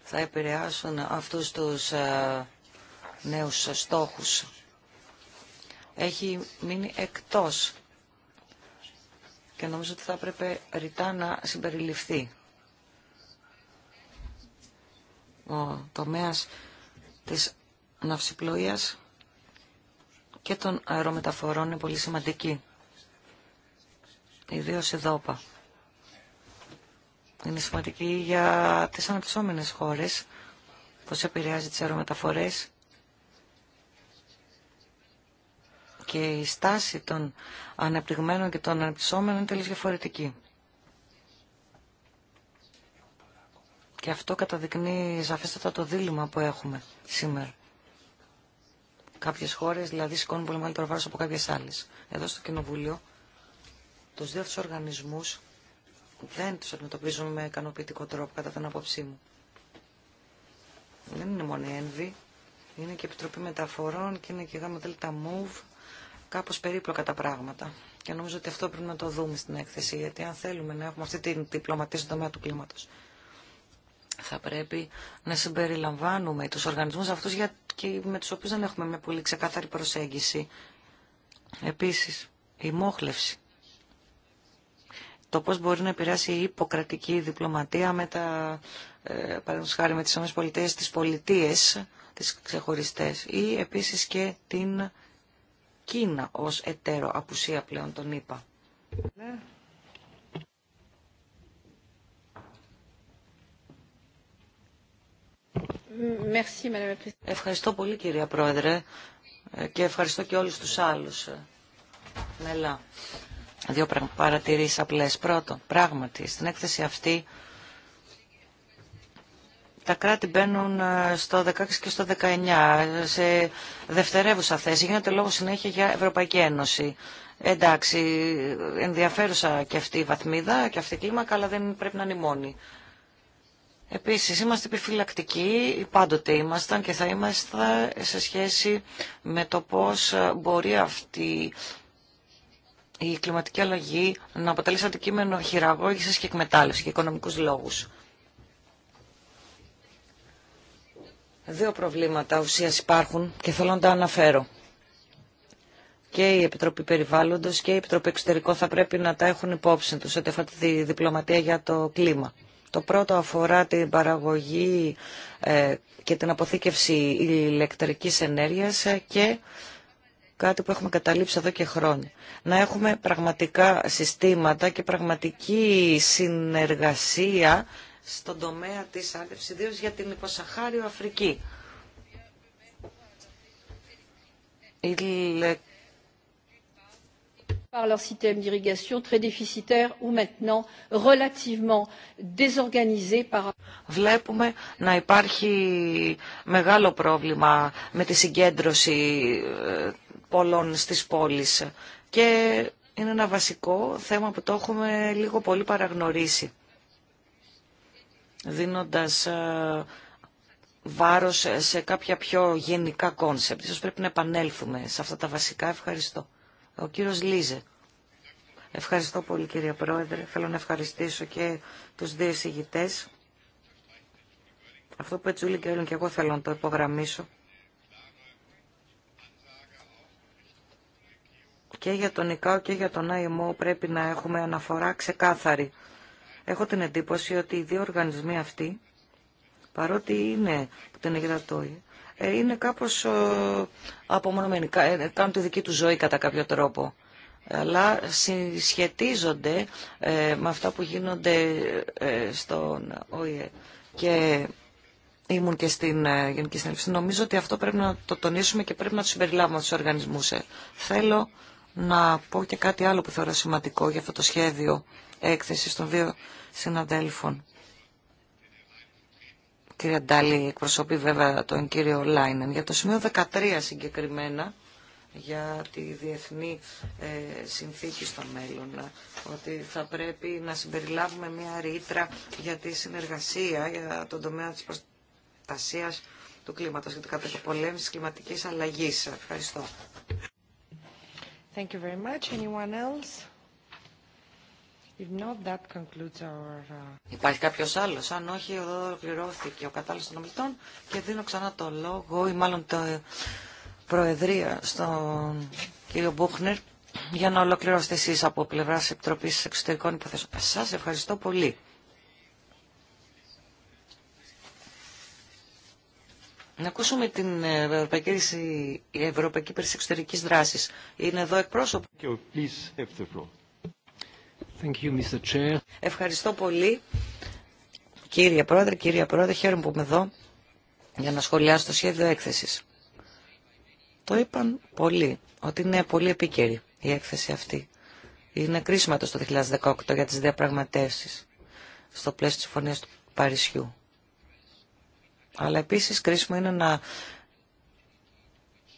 Θα επηρεάσουν αυτού του ε, νέου στόχου. Έχει μείνει εκτό και νομίζω ότι θα έπρεπε ρητά να συμπεριληφθεί. Ο τομέας της ναυσιπλοείας και των αερομεταφορών είναι πολύ σημαντική. Ιδίω η ΔΟΠΑ. Είναι σημαντική για τι αναπτυσσόμενε χώρες, πώ επηρεάζει τις αερομεταφορές και η στάση των αναπτυγμένων και των αναπτυσσόμενων είναι τελείως διαφορετική. Και αυτό καταδεικνύει σαφέστατα το δίλημα που έχουμε σήμερα. Κάποιες χώρες δηλαδή σηκώνουν πολύ μεγαλύτερο βάρος από κάποιες άλλες. Εδώ στο Κοινοβούλιο τους δύο αυτούς οργανισμούς δεν τους αντιμετωπίζουμε με ικανοποιητικό τρόπο κατά την απόψή μου. Δεν είναι μόνο η ΕΝΒΗ, είναι και η Επιτροπή Μεταφορών και είναι και η ΓΔ MOVE, κάπως περίπλοκα τα πράγματα. Και νομίζω ότι αυτό πρέπει να το δούμε στην έκθεση, γιατί αν θέλουμε να έχουμε αυτή την διπλωματία στον τομέα του κλίματος, θα πρέπει να συμπεριλαμβάνουμε τους οργανισμούς αυτούς για και με τους οποίους δεν έχουμε μια πολύ ξεκάθαρη προσέγγιση. Επίσης, η μόχλευση. Το πώς μπορεί να επηρεάσει η υποκρατική διπλωματία με τα, ε, παραδείγματος χάρη με τις ΗΠΑ, τις πολιτείες, τις ξεχωριστές ή επίσης και την Κίνα ως εταίρο απουσία πλέον τον είπα. Ναι. Ευχαριστώ πολύ κυρία Πρόεδρε και ευχαριστώ και όλους τους άλλους. Μελά. Δύο παρατηρήσεις απλές. Πρώτο, πράγματι, στην έκθεση αυτή τα κράτη μπαίνουν ε, στο 16 και στο 19 σε δευτερεύουσα θέση. Γίνεται λόγο συνέχεια για Ευρωπαϊκή Ένωση. Εντάξει, ενδιαφέρουσα και αυτή η βαθμίδα και αυτή η κλίμακα, αλλά δεν πρέπει να είναι η μόνη. Επίσης, είμαστε επιφυλακτικοί, πάντοτε ήμασταν και θα είμαστε σε σχέση με το πώς μπορεί αυτή η κλιματική αλλαγή να αποτελεί αντικείμενο χειραγώγησης και εκμετάλλευση και οικονομικούς λόγους. Δύο προβλήματα ουσίας υπάρχουν και θέλω να τα αναφέρω. Και η Επιτροπή Περιβάλλοντος και η Επιτροπή Εξωτερικών θα πρέπει να τα έχουν υπόψη τους ότι αυτή τη διπλωματία για το κλίμα. Το πρώτο αφορά την παραγωγή ε, και την αποθήκευση ηλεκτρικής ενέργειας ε, και κάτι που έχουμε καταλήψει εδώ και χρόνια. Να έχουμε πραγματικά συστήματα και πραγματική συνεργασία στον τομέα της άρτευσης, ιδίω για την υποσαχάριο Αφρική. Βλέπουμε να υπάρχει μεγάλο πρόβλημα με τη συγκέντρωση ε, πολλών στις πόλεις και είναι ένα βασικό θέμα που το έχουμε λίγο πολύ παραγνωρίσει δίνοντας ε, βάρος σε κάποια πιο γενικά κόνσεπτ. Ίσως πρέπει να επανέλθουμε σε αυτά τα βασικά. Ευχαριστώ. Ο κύριος Λίζε. Ευχαριστώ πολύ κύριε Πρόεδρε. Θέλω να ευχαριστήσω και τους δύο εισηγητές. Αυτό που έτσι όλοι και εγώ θέλω να το υπογραμμίσω. Και για τον ΙΚΑΟ και για τον ΑΙΜΟ πρέπει να έχουμε αναφορά ξεκάθαρη. Έχω την εντύπωση ότι οι δύο οργανισμοί αυτοί, παρότι είναι που την εγγρατώει, είναι κάπως ε, απομονωμένοι, ε, κάνουν τη δική του ζωή κατά κάποιο τρόπο αλλά συσχετίζονται ε, με αυτά που γίνονται στον ΟΗΕ. Και ήμουν και στην Γενική Συνέλευση. Νομίζω ότι αυτό πρέπει να το τονίσουμε και πρέπει να το συμπεριλάβουμε στους οργανισμούς. Θέλω να πω και κάτι άλλο που θεωρώ σημαντικό για αυτό το σχέδιο έκθεσης των δύο συναδέλφων κυρία Ντάλη εκπροσωπεί βέβαια τον κύριο Λάινεν. Για το σημείο 13 συγκεκριμένα, για τη διεθνή ε, συνθήκη στο μέλλον, ότι θα πρέπει να συμπεριλάβουμε μια ρήτρα για τη συνεργασία, για τον τομέα της προστασίας του κλίματος και την καταπολέμηση της κλιματικής αλλαγής. Ευχαριστώ. Thank you very much. Anyone else? Uh, Υπάρχει κάποιο άλλο. Αν όχι, εδώ ολοκληρώθηκε ο κατάλληλο των ομιλητών και δίνω ξανά το λόγο ή μάλλον το Προεδρία στον κύριο Μπούχνερ για να ολοκληρώσετε εσεί από πλευρά τη Επιτροπή Εξωτερικών Υποθέσεων. Σα ευχαριστώ πολύ. Να ακούσουμε την ε, Ευρωπαϊκή, η Ευρωπαϊκή Δράσης. Είναι εδώ εκπρόσωπο. Ευχαριστώ πολύ. Κύριε Πρόεδρε, κύριε Πρόεδρε, χαίρομαι που είμαι εδώ για να σχολιάσω το σχέδιο έκθεσης. Το είπαν πολλοί ότι είναι πολύ επίκαιρη η έκθεση αυτή. Είναι κρίσιμα το 2018 για τις διαπραγματεύσεις στο πλαίσιο της Συμφωνίας του Παρισιού. Αλλά επίσης κρίσιμο είναι να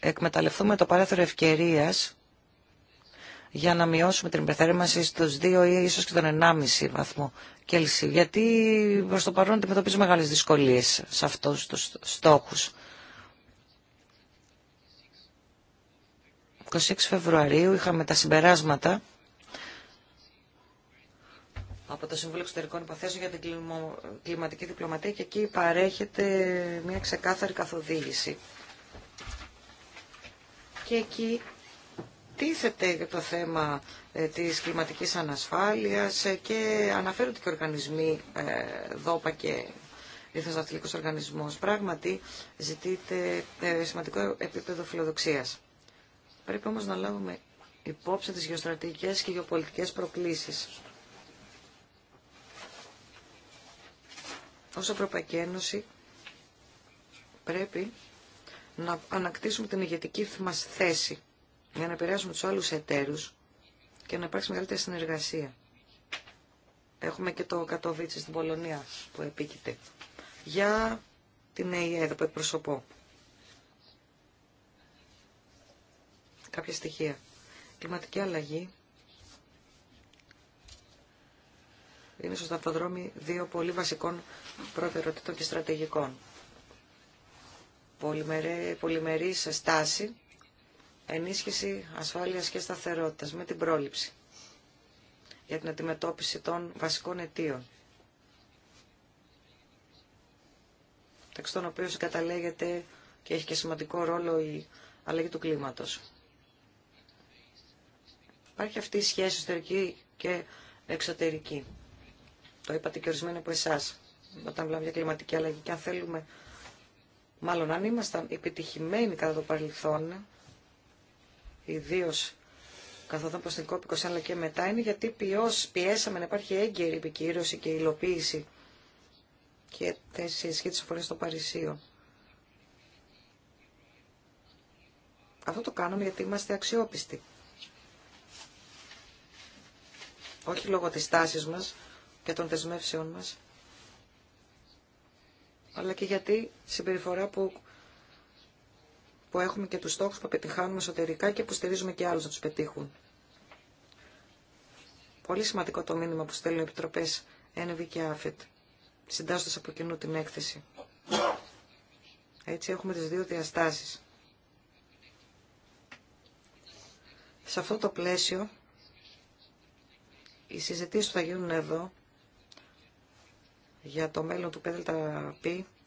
εκμεταλλευτούμε το παράθυρο ευκαιρίας για να μειώσουμε την υπερθέρμανση στους 2 ή ίσω και τον 1,5 βαθμό Κελσίου. Γιατί προ το παρόν αντιμετωπίζουμε μεγάλε δυσκολίες σε αυτούς τους στόχους. 26 Φεβρουαρίου είχαμε τα συμπεράσματα από το Συμβούλιο Εξωτερικών Υποθέσεων για την Κλιματική Διπλωματία και εκεί παρέχεται μια ξεκάθαρη καθοδήγηση. Και εκεί τίθεται για το θέμα ε, της κλιματικής ανασφάλειας ε, και αναφέρονται και οργανισμοί ε, ΔΟΠΑ και Διεθνής οργανισμοί, Οργανισμός. Πράγματι ζητείται σημαντικό επίπεδο φιλοδοξίας. Πρέπει όμως να λάβουμε υπόψη τις γεωστρατηγικές και γεωπολιτικές προκλήσεις. Ως Ευρωπαϊκή Ένωση πρέπει να ανακτήσουμε την ηγετική μας θέση για να επηρεάσουμε τους άλλους εταίρους και να υπάρξει μεγαλύτερη συνεργασία. Έχουμε και το Κατοβίτσι στην Πολωνία που επίκειται. Για την ΕΕ εδώ που εκπροσωπώ. Κάποια στοιχεία. Κλιματική αλλαγή. Είναι στο σταυροδρόμι δύο πολύ βασικών προτεραιοτήτων και στρατηγικών. Πολυμερή, πολυμερή στάση ενίσχυση ασφάλειας και σταθερότητας με την πρόληψη για την αντιμετώπιση των βασικών αιτίων. Μεταξύ των οποίων συγκαταλέγεται και έχει και σημαντικό ρόλο η αλλαγή του κλίματος. Υπάρχει αυτή η σχέση εσωτερική και εξωτερική. Το είπατε και ορισμένοι από εσά όταν μιλάμε για κλιματική αλλαγή. Και αν θέλουμε, μάλλον αν ήμασταν επιτυχημένοι κατά το παρελθόν ιδίω καθόταν προ την cop αλλά και μετά, είναι γιατί ποιος πιέσαμε να υπάρχει έγκαιρη επικύρωση και υλοποίηση και θέση ισχύ τη στο των Παρισίων. Αυτό το κάνουμε γιατί είμαστε αξιόπιστοι. Όχι λόγω της τάσης μας και των δεσμεύσεών μας, αλλά και γιατί συμπεριφορά που που έχουμε και τους στόχους που πετυχάνουμε εσωτερικά και που στηρίζουμε και άλλους να τους πετύχουν. Πολύ σημαντικό το μήνυμα που στέλνουν οι επιτροπές ΕΝΒ και ΑΦΕΤ, συντάσσοντας από κοινού την έκθεση. Έτσι έχουμε τις δύο διαστάσεις. Σε αυτό το πλαίσιο, οι συζητήσεις που θα γίνουν εδώ για το μέλλον του π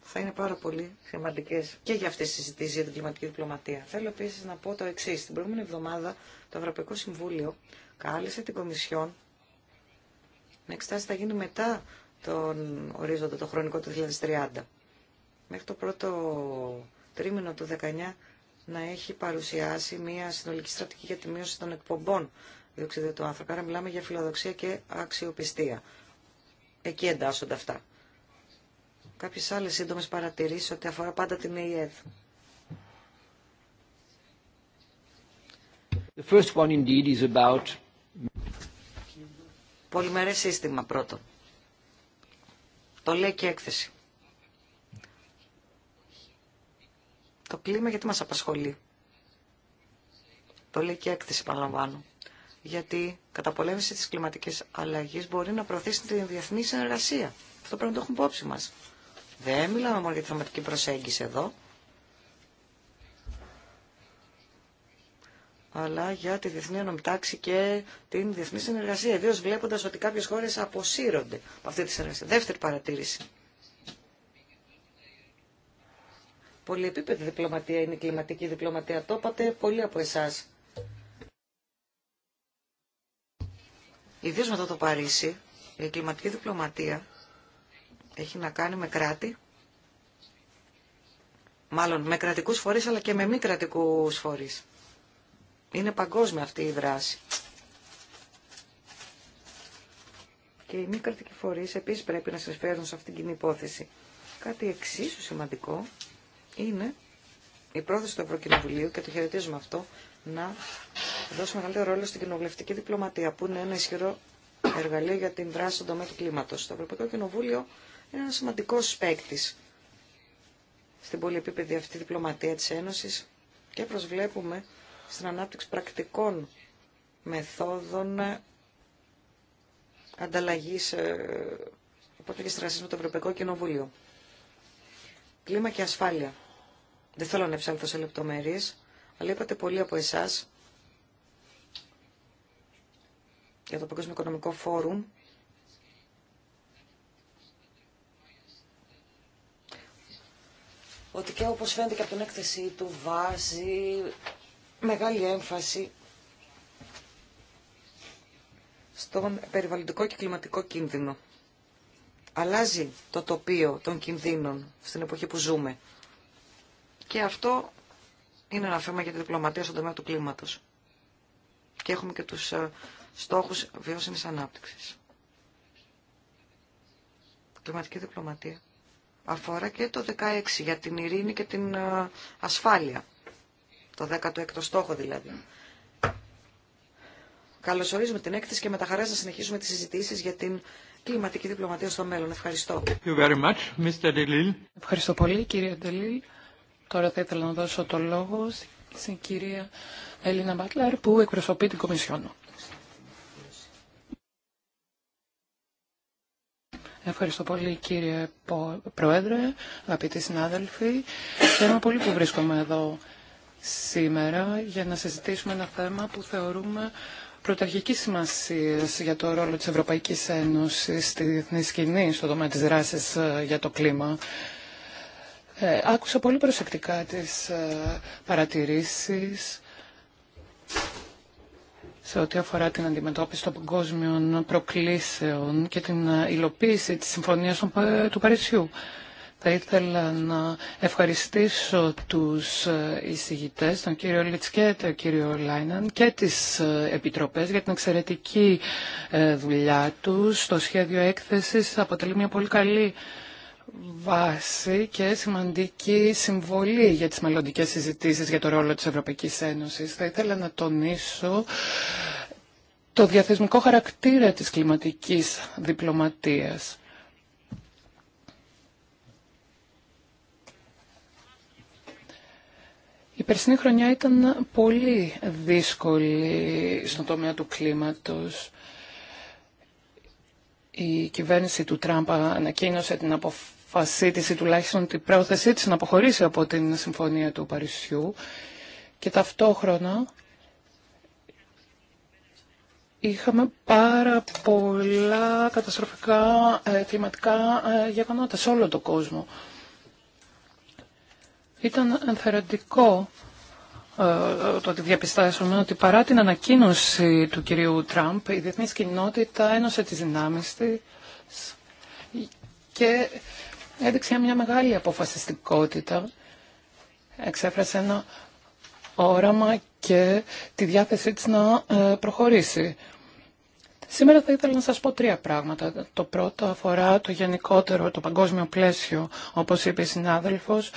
θα είναι πάρα πολύ σημαντικέ και για αυτέ τι συζητήσει για την κλιματική διπλωματία. Θέλω επίση να πω το εξή. Την προηγούμενη εβδομάδα το Ευρωπαϊκό Συμβούλιο κάλεσε την Κομισιόν να εξετάσει θα γίνει μετά τον ορίζοντα το χρονικό του 2030. Μέχρι το πρώτο τρίμηνο του 19 να έχει παρουσιάσει μια συνολική στρατηγική για τη μείωση των εκπομπών διοξιδίου του άνθρακα. Άρα μιλάμε για φιλοδοξία και αξιοπιστία. Εκεί εντάσσονται αυτά. Κάποιες άλλες σύντομες παρατηρήσεις ότι αφορά πάντα την ΕΙΕΔ. The first one indeed is about... Πολυμερές σύστημα πρώτο. Το λέει και έκθεση. Το κλίμα γιατί μας απασχολεί. Το λέει και έκθεση παραλαμβάνω. Γιατί κατά πολέμηση της κλιματικής αλλαγής μπορεί να προωθήσει την διεθνή συνεργασία. Αυτό πρέπει να το έχουμε υπόψη μας. Δεν μιλάμε μόνο για τη θεματική προσέγγιση εδώ, αλλά για τη διεθνή νομιτάξη και την διεθνή συνεργασία, ιδίω βλέποντα ότι κάποιε χώρε αποσύρονται από αυτή τη συνεργασία. Δεύτερη παρατήρηση. Πολυεπίπεδη διπλωματία είναι η κλιματική διπλωματία. Το είπατε πολλοί από εσά. Ιδίω μετά το Παρίσι, η κλιματική διπλωματία έχει να κάνει με κράτη, μάλλον με κρατικούς φορείς αλλά και με μη κρατικούς φορείς. Είναι παγκόσμια αυτή η δράση. Και οι μη κρατικοί φορείς επίσης πρέπει να συσφέρουν σε αυτήν την υπόθεση. Κάτι εξίσου σημαντικό είναι η πρόθεση του Ευρωκοινοβουλίου και το χαιρετίζουμε αυτό να δώσει μεγαλύτερο ρόλο στην κοινοβουλευτική διπλωματία που είναι ένα ισχυρό εργαλείο για την δράση στον τομέα του κλίματος. Το Ευρωπαϊκό Κοινοβούλιο είναι ένα σημαντικό παίκτη στην πολυεπίπεδη αυτή διπλωματία της Ένωσης και προσβλέπουμε στην ανάπτυξη πρακτικών μεθόδων ανταλλαγής οπότε ε, και συνεργασίας με το Ευρωπαϊκό Κοινοβούλιο. Κλίμα και ασφάλεια. Δεν θέλω να ευσάλθω σε λεπτομέρειες, αλλά είπατε πολλοί από εσάς για το Παγκόσμιο Οικονομικό Φόρουμ ότι και όπως φαίνεται και από την έκθεσή του βάζει μεγάλη έμφαση στον περιβαλλοντικό και κλιματικό κίνδυνο. Αλλάζει το τοπίο των κινδύνων στην εποχή που ζούμε. Και αυτό είναι ένα θέμα για τη διπλωματία στον τομέα του κλίματος. Και έχουμε και τους ε, στόχους βιώσιμης ανάπτυξης. Κλιματική διπλωματία αφορά και το 16 για την ειρήνη και την ε, ασφάλεια. Το 16ο στόχο δηλαδή. Καλωσορίζουμε την έκθεση και με τα χαρά να συνεχίσουμε τις συζητήσεις για την κλιματική διπλωματία στο μέλλον. Ευχαριστώ. You very much, Mr. Ευχαριστώ πολύ κύριε Ντελίλ. Τώρα θα ήθελα να δώσω το λόγο στην κυρία Έλληνα Μπάτλαρ που εκπροσωπεί την Κομισιόνο. Ευχαριστώ πολύ κύριε Πρόεδρε, αγαπητοί συνάδελφοι. Χαίρομαι πολύ που βρίσκομαι εδώ σήμερα για να συζητήσουμε ένα θέμα που θεωρούμε πρωταρχική σημασία για το ρόλο της Ευρωπαϊκής Ένωσης στη διεθνή σκηνή στο τομέα της δράσης ε, για το κλίμα. Ε, άκουσα πολύ προσεκτικά τις ε, παρατηρήσεις σε ό,τι αφορά την αντιμετώπιση των παγκόσμιων προκλήσεων και την ε, υλοποίηση της Συμφωνίας του Παρισιού. Θα ήθελα να ευχαριστήσω τους ε, εισηγητές, τον κύριο Λίτσκετ τον κύριο Λάιναν και τις ε, επιτροπές για την εξαιρετική δουλειά τους. Το σχέδιο έκθεσης αποτελεί μια πολύ καλή βάση και σημαντική συμβολή για τις μελλοντικές συζητήσεις για το ρόλο της Ευρωπαϊκής Ένωσης. Θα ήθελα να τονίσω το διαθεσμικό χαρακτήρα της κλιματικής διπλωματίας. Η περσινή χρονιά ήταν πολύ δύσκολη στον τομέα του κλίματος η κυβέρνηση του Τραμπ ανακοίνωσε την αποφασή της ή τουλάχιστον την πρόθεσή της να αποχωρήσει από την Συμφωνία του Παρισιού και ταυτόχρονα είχαμε πάρα πολλά καταστροφικά ε, κλιματικά ε, γεγονότα σε όλο τον κόσμο. Ήταν ενθαρρυντικό ε, το ότι διαπιστάσουμε ότι παρά την ανακοίνωση του κυρίου Τραμπ, η διεθνή κοινότητα ένωσε τις δυνάμεις της και έδειξε μια μεγάλη αποφασιστικότητα, εξέφρασε ένα όραμα και τη διάθεσή της να ε, προχωρήσει. Σήμερα θα ήθελα να σας πω τρία πράγματα. Το πρώτο αφορά το γενικότερο, το παγκόσμιο πλαίσιο, όπως είπε η συνάδελφος,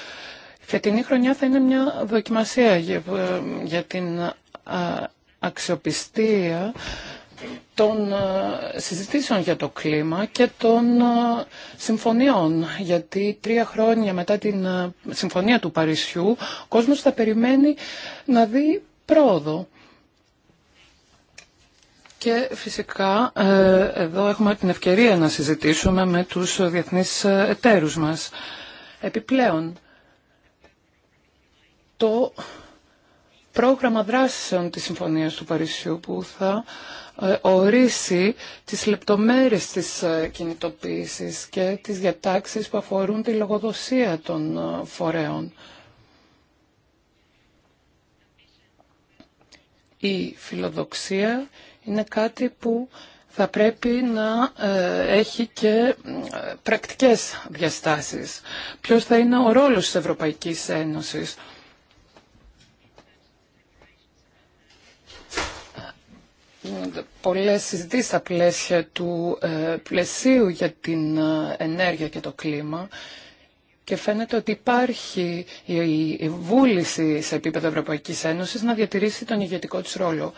φετινή χρονιά θα είναι μια δοκιμασία για ε, την ε, αξιοπιστία των ε, συζητήσεων για το κλίμα και των συμφωνιών. Γιατί τρία χρόνια μετά την συμφωνία του Παρισιού, ο κόσμος θα περιμένει να δει πρόοδο. Και φυσικά εδώ έχουμε την ευκαιρία να συζητήσουμε με τους διεθνείς εταίρους μας. Επιπλέον, το πρόγραμμα δράσεων της Συμφωνίας του Παρισιού που θα ε, ορίσει τις λεπτομέρειες της ε, κινητοποίησης και τις διατάξεις που αφορούν τη λογοδοσία των ε, φορέων. Η φιλοδοξία είναι κάτι που θα πρέπει να έχει και πρακτικές διαστάσεις. Ποιος θα είναι ο ρόλος της Ευρωπαϊκής Ένωσης πολλές συζητήσεις στα πλαίσια του ε, πλαισίου για την ε, ενέργεια και το κλίμα και φαίνεται ότι υπάρχει η βούληση σε επίπεδο Ευρωπαϊκής Ένωσης να διατηρήσει τον ηγετικό της ρόλο.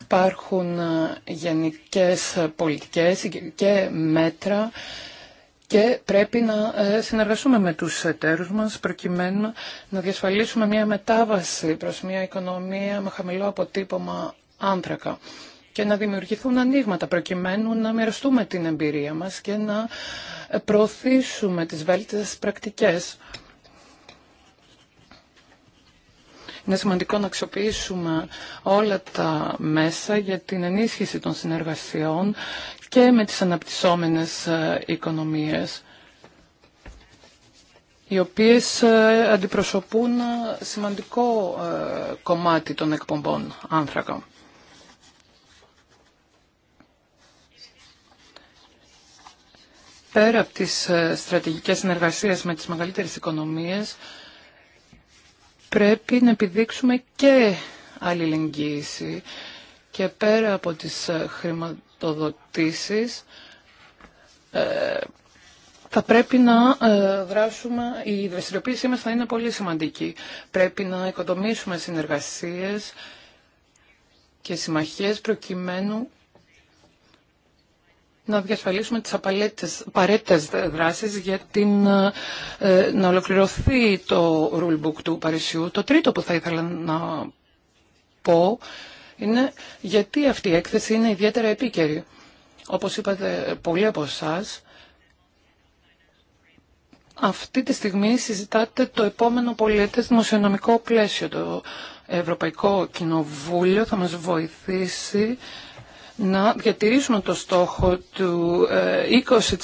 Υπάρχουν ε, γενικές πολιτικές και μέτρα και πρέπει να ε, συνεργαστούμε με τους εταίρους μας προκειμένου να διασφαλίσουμε μια μετάβαση προς μια οικονομία με χαμηλό αποτύπωμα άνθρακα και να δημιουργηθούν ανοίγματα προκειμένου να μοιραστούμε την εμπειρία μας και να προωθήσουμε τις βέλτιστες πρακτικές. Είναι σημαντικό να αξιοποιήσουμε όλα τα μέσα για την ενίσχυση των συνεργασιών και με τις αναπτυσσόμενες ε, οικονομίες οι οποίες ε, αντιπροσωπούν ε, σημαντικό κομμάτι των εκπομπών άνθρακα. Πέρα από τις στρατηγικές συνεργασίες με τις μεγαλύτερες οικονομίες, πρέπει να επιδείξουμε και αλληλεγγύηση και πέρα από τις χρημα χρηματοδοτήσεις ε, θα πρέπει να ε, δράσουμε, η δραστηριοποίησή μας θα είναι πολύ σημαντική. Πρέπει να οικοδομήσουμε συνεργασίες και συμμαχίες προκειμένου να διασφαλίσουμε τις απαραίτητες δράσεις για την, ε, να ολοκληρωθεί το rulebook του Παρισιού. Το τρίτο που θα ήθελα να πω είναι γιατί αυτή η έκθεση είναι ιδιαίτερα επίκαιρη. Όπως είπατε πολλοί από εσά, αυτή τη στιγμή συζητάτε το επόμενο πολιτεύσιο δημοσιονομικό πλαίσιο. Το Ευρωπαϊκό Κοινοβούλιο θα μας βοηθήσει να διατηρήσουμε το στόχο του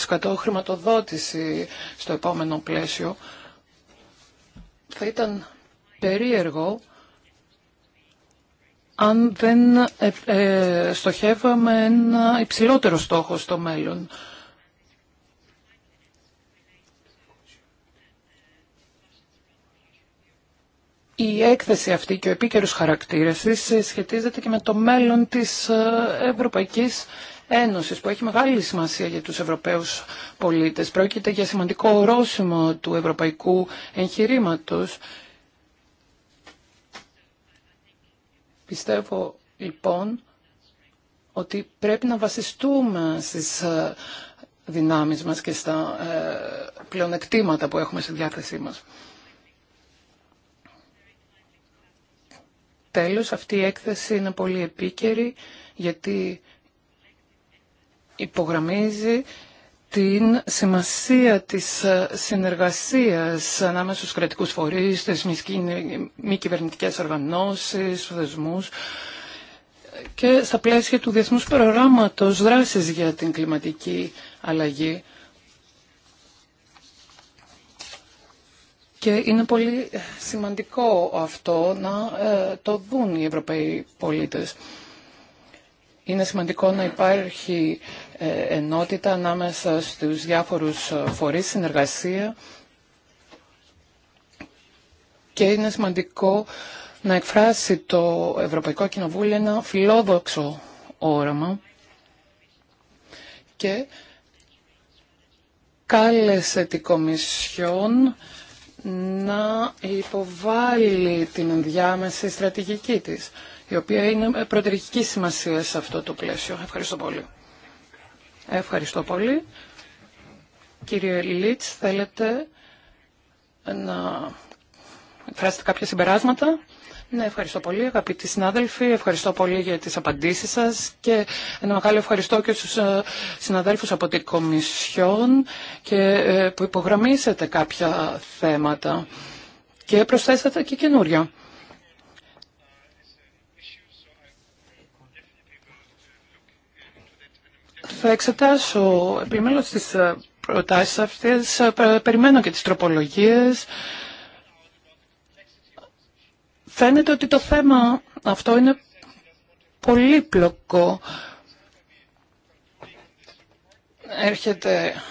20% ε, χρηματοδότηση στο επόμενο πλαίσιο. Θα ήταν περίεργο αν δεν ε, ε, στοχεύαμε ένα υψηλότερο στόχο στο μέλλον. Η έκθεση αυτή και ο επίκαιρος χαρακτήρας της ε, σχετίζεται και με το μέλλον της Ευρωπαϊκής Ένωσης που έχει μεγάλη σημασία για τους Ευρωπαίους πολίτες. Πρόκειται για σημαντικό ορόσημο του ευρωπαϊκού εγχειρήματος Πιστεύω λοιπόν ότι πρέπει να βασιστούμε στις ε, δυνάμεις μας και στα ε, πλεονεκτήματα που έχουμε στη διάθεσή μας. Τέλος, αυτή η έκθεση είναι πολύ επίκαιρη γιατί υπογραμμίζει την σημασία της συνεργασίας ανάμεσα στους κρατικούς φορείς, στις μη κυβερνητικές οργανώσεις, δεσμούς και στα πλαίσια του Διεθνούς Προγράμματος Δράσης για την Κλιματική Αλλαγή. Και είναι πολύ σημαντικό αυτό να ε, το δουν οι Ευρωπαίοι πολίτες. Είναι σημαντικό να υπάρχει ε, ενότητα ανάμεσα στους διάφορους ε, φορείς, συνεργασία και είναι σημαντικό να εκφράσει το Ευρωπαϊκό Κοινοβούλιο ένα φιλόδοξο όραμα και κάλεσε την Κομισιόν να υποβάλει την ενδιάμεση στρατηγική της η οποία είναι προτερική σημασία σε αυτό το πλαίσιο. Ευχαριστώ πολύ. Ευχαριστώ πολύ. Κύριε Λίτς, θέλετε να εκφράσετε κάποια συμπεράσματα. Ναι, ευχαριστώ πολύ αγαπητοί συνάδελφοι, ευχαριστώ πολύ για τις απαντήσεις σας και ένα μεγάλο ευχαριστώ και στους ε, συναδέλφους από την Κομισιόν και ε, που υπογραμμίσετε κάποια θέματα και προσθέσατε και καινούρια. Θα εξετάσω επιμέλως τις ε, προτάσεις αυτές. Ε, περιμένω και τις τροπολογίες. Φαίνεται ότι το θέμα αυτό είναι πολύπλοκο. Έρχεται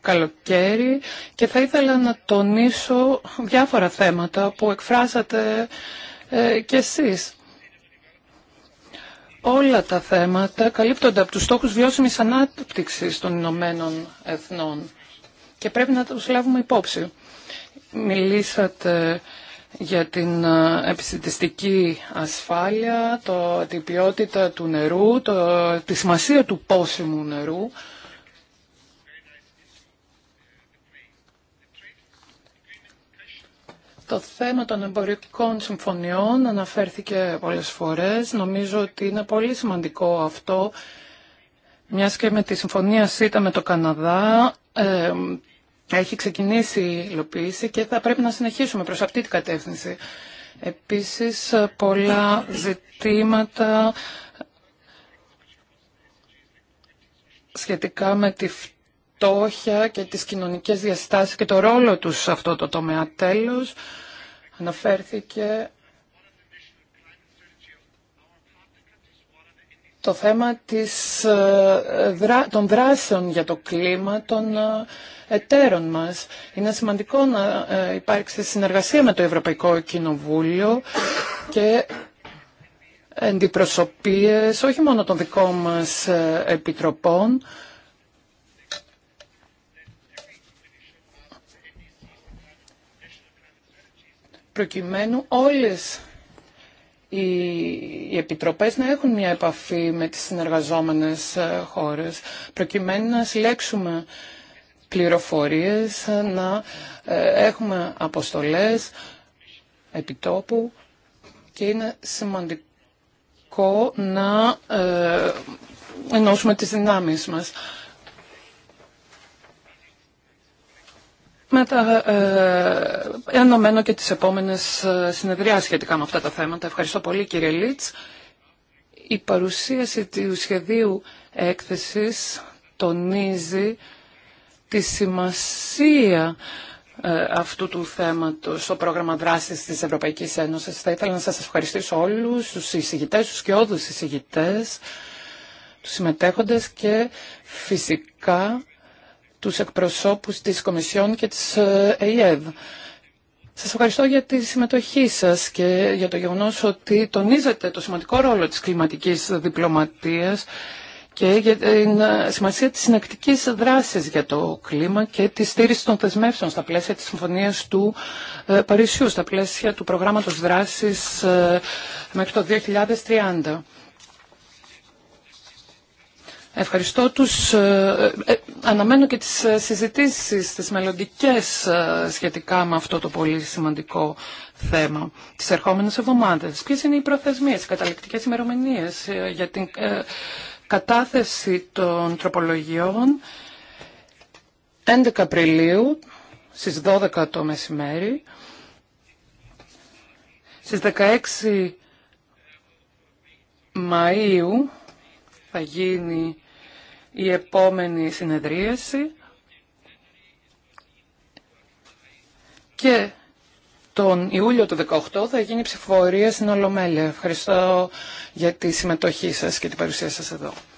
καλοκαίρι και θα ήθελα να τονίσω διάφορα θέματα που εκφράσατε ε, και εσείς όλα τα θέματα καλύπτονται από τους στόχους βιώσιμης ανάπτυξης των Ηνωμένων Εθνών και πρέπει να τους λάβουμε υπόψη. Μιλήσατε για την ε, επιστημιστική ασφάλεια, το, την ποιότητα του νερού, το, τη σημασία του πόσιμου νερού. Το θέμα των εμπορικών συμφωνιών αναφέρθηκε πολλές φορές. Νομίζω ότι είναι πολύ σημαντικό αυτό, μιας και με τη συμφωνία ΣΥΤΑ με το Καναδά έχει ξεκινήσει η υλοποίηση και θα πρέπει να συνεχίσουμε προς αυτή την κατεύθυνση. Επίσης, πολλά ζητήματα σχετικά με τη φτώχεια φτώχεια και τις κοινωνικές διαστάσεις και το ρόλο τους σε αυτό το τομέα. Τέλος, αναφέρθηκε το θέμα της, ε, των δράσεων για το κλίμα των ε, εταίρων μας. Είναι σημαντικό να ε, υπάρξει συνεργασία με το Ευρωπαϊκό Κοινοβούλιο και αντιπροσωπείες όχι μόνο των δικών μας επιτροπών, προκειμένου όλες οι επιτροπές να έχουν μια επαφή με τις συνεργαζόμενες ε, χώρες, προκειμένου να συλλέξουμε πληροφορίες, να ε, έχουμε αποστολές επιτόπου και είναι σημαντικό να ε, ενώσουμε τις δυνάμεις μας. Μετά ε, ενωμένω και τις επόμενες ε, συνεδριάς σχετικά με αυτά τα θέματα. Ευχαριστώ πολύ κύριε Λίτς. Η παρουσίαση του σχεδίου έκθεσης τονίζει τη σημασία ε, αυτού του θέματος στο πρόγραμμα δράσης της Ευρωπαϊκής Ένωσης. Θα ήθελα να σας ευχαριστήσω όλους, τους εισηγητές, τους και όδους εισηγητές, τους συμμετέχοντες και φυσικά τους εκπροσώπους της Κομισιόν και της ε, ΕΙΕΔ. Σας ευχαριστώ για τη συμμετοχή σας και για το γεγονός ότι τονίζετε το σημαντικό ρόλο της κλιματικής διπλωματίας και για την ε, σημασία της συνεκτικής δράσης για το κλίμα και τη στήριξη των θεσμεύσεων στα πλαίσια της Συμφωνίας του ε, Παρισιού, στα πλαίσια του προγράμματος δράσης μέχρι το 2030. Ευχαριστώ τους. Ε, ε, ε, αναμένω και τις συζητήσεις, τις μελλοντικές σχετικά με αυτό το πολύ σημαντικό θέμα τις ερχόμενες εβδομάδες. Ποιες είναι οι προθεσμίες, οι καταληκτικές ημερομηνίες για την κατάθεση των τροπολογιών 11 Απριλίου στις 12 το μεσημέρι, στις 16 Μαΐου θα γίνει η επόμενη συνεδρίαση και τον Ιούλιο του 2018 θα γίνει ψηφοφορία στην Ολομέλεια. Ευχαριστώ για τη συμμετοχή σας και την παρουσία σας εδώ.